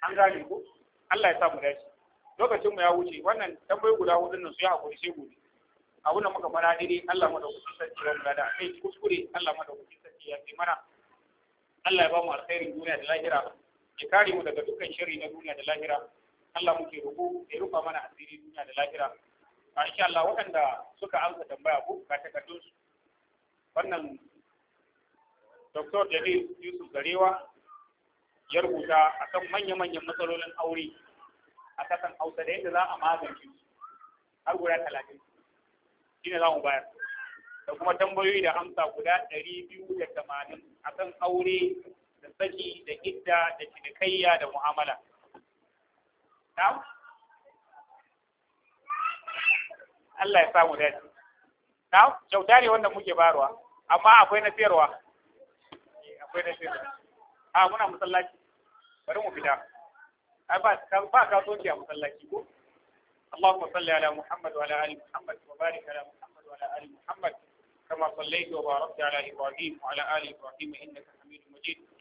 an gane ko Allah ya sa mu dace lokacin mu ya wuce wannan tambayi guda hudun nan su ya hakuri sai gobe abin da muka fara dai Allah madaukakin sarki ya mura da kai kuskure Allah madaukakin sarki ya fi mana Allah ya ba mu alkhairin duniya da lahira ya kare mu daga dukkan shirri na duniya da lahira Allah muke roƙo ya rufa mana asiri duniya da lahira a insha Allah waɗanda suka amsa tambaya ko ka takardun su wannan Dr. Jalil Yusuf Garewa ya rubuta akan manya-manyan matsalolin aure a kasan hausa da yadda za a magance su har guda talatin shi ne za mu bayar da kuma tambayoyi da amsa guda ɗari biyu da tamanin a kan aure da saki da idda da cinikayya da mu'amala na Allah ya samu dadi na kyauta ne wanda muke barwa amma akwai na sayarwa eh, akwai na sayarwa a ah, muna masallaci bari mu fita kan ba ka zoji a masallaci ko Allah salli ala Muhammad wa ala Muhammad wa barik wa ala Muhammad kama sallai wa barakta ala Ibrahim wa ala ali Ibrahim inna ka hamidu majid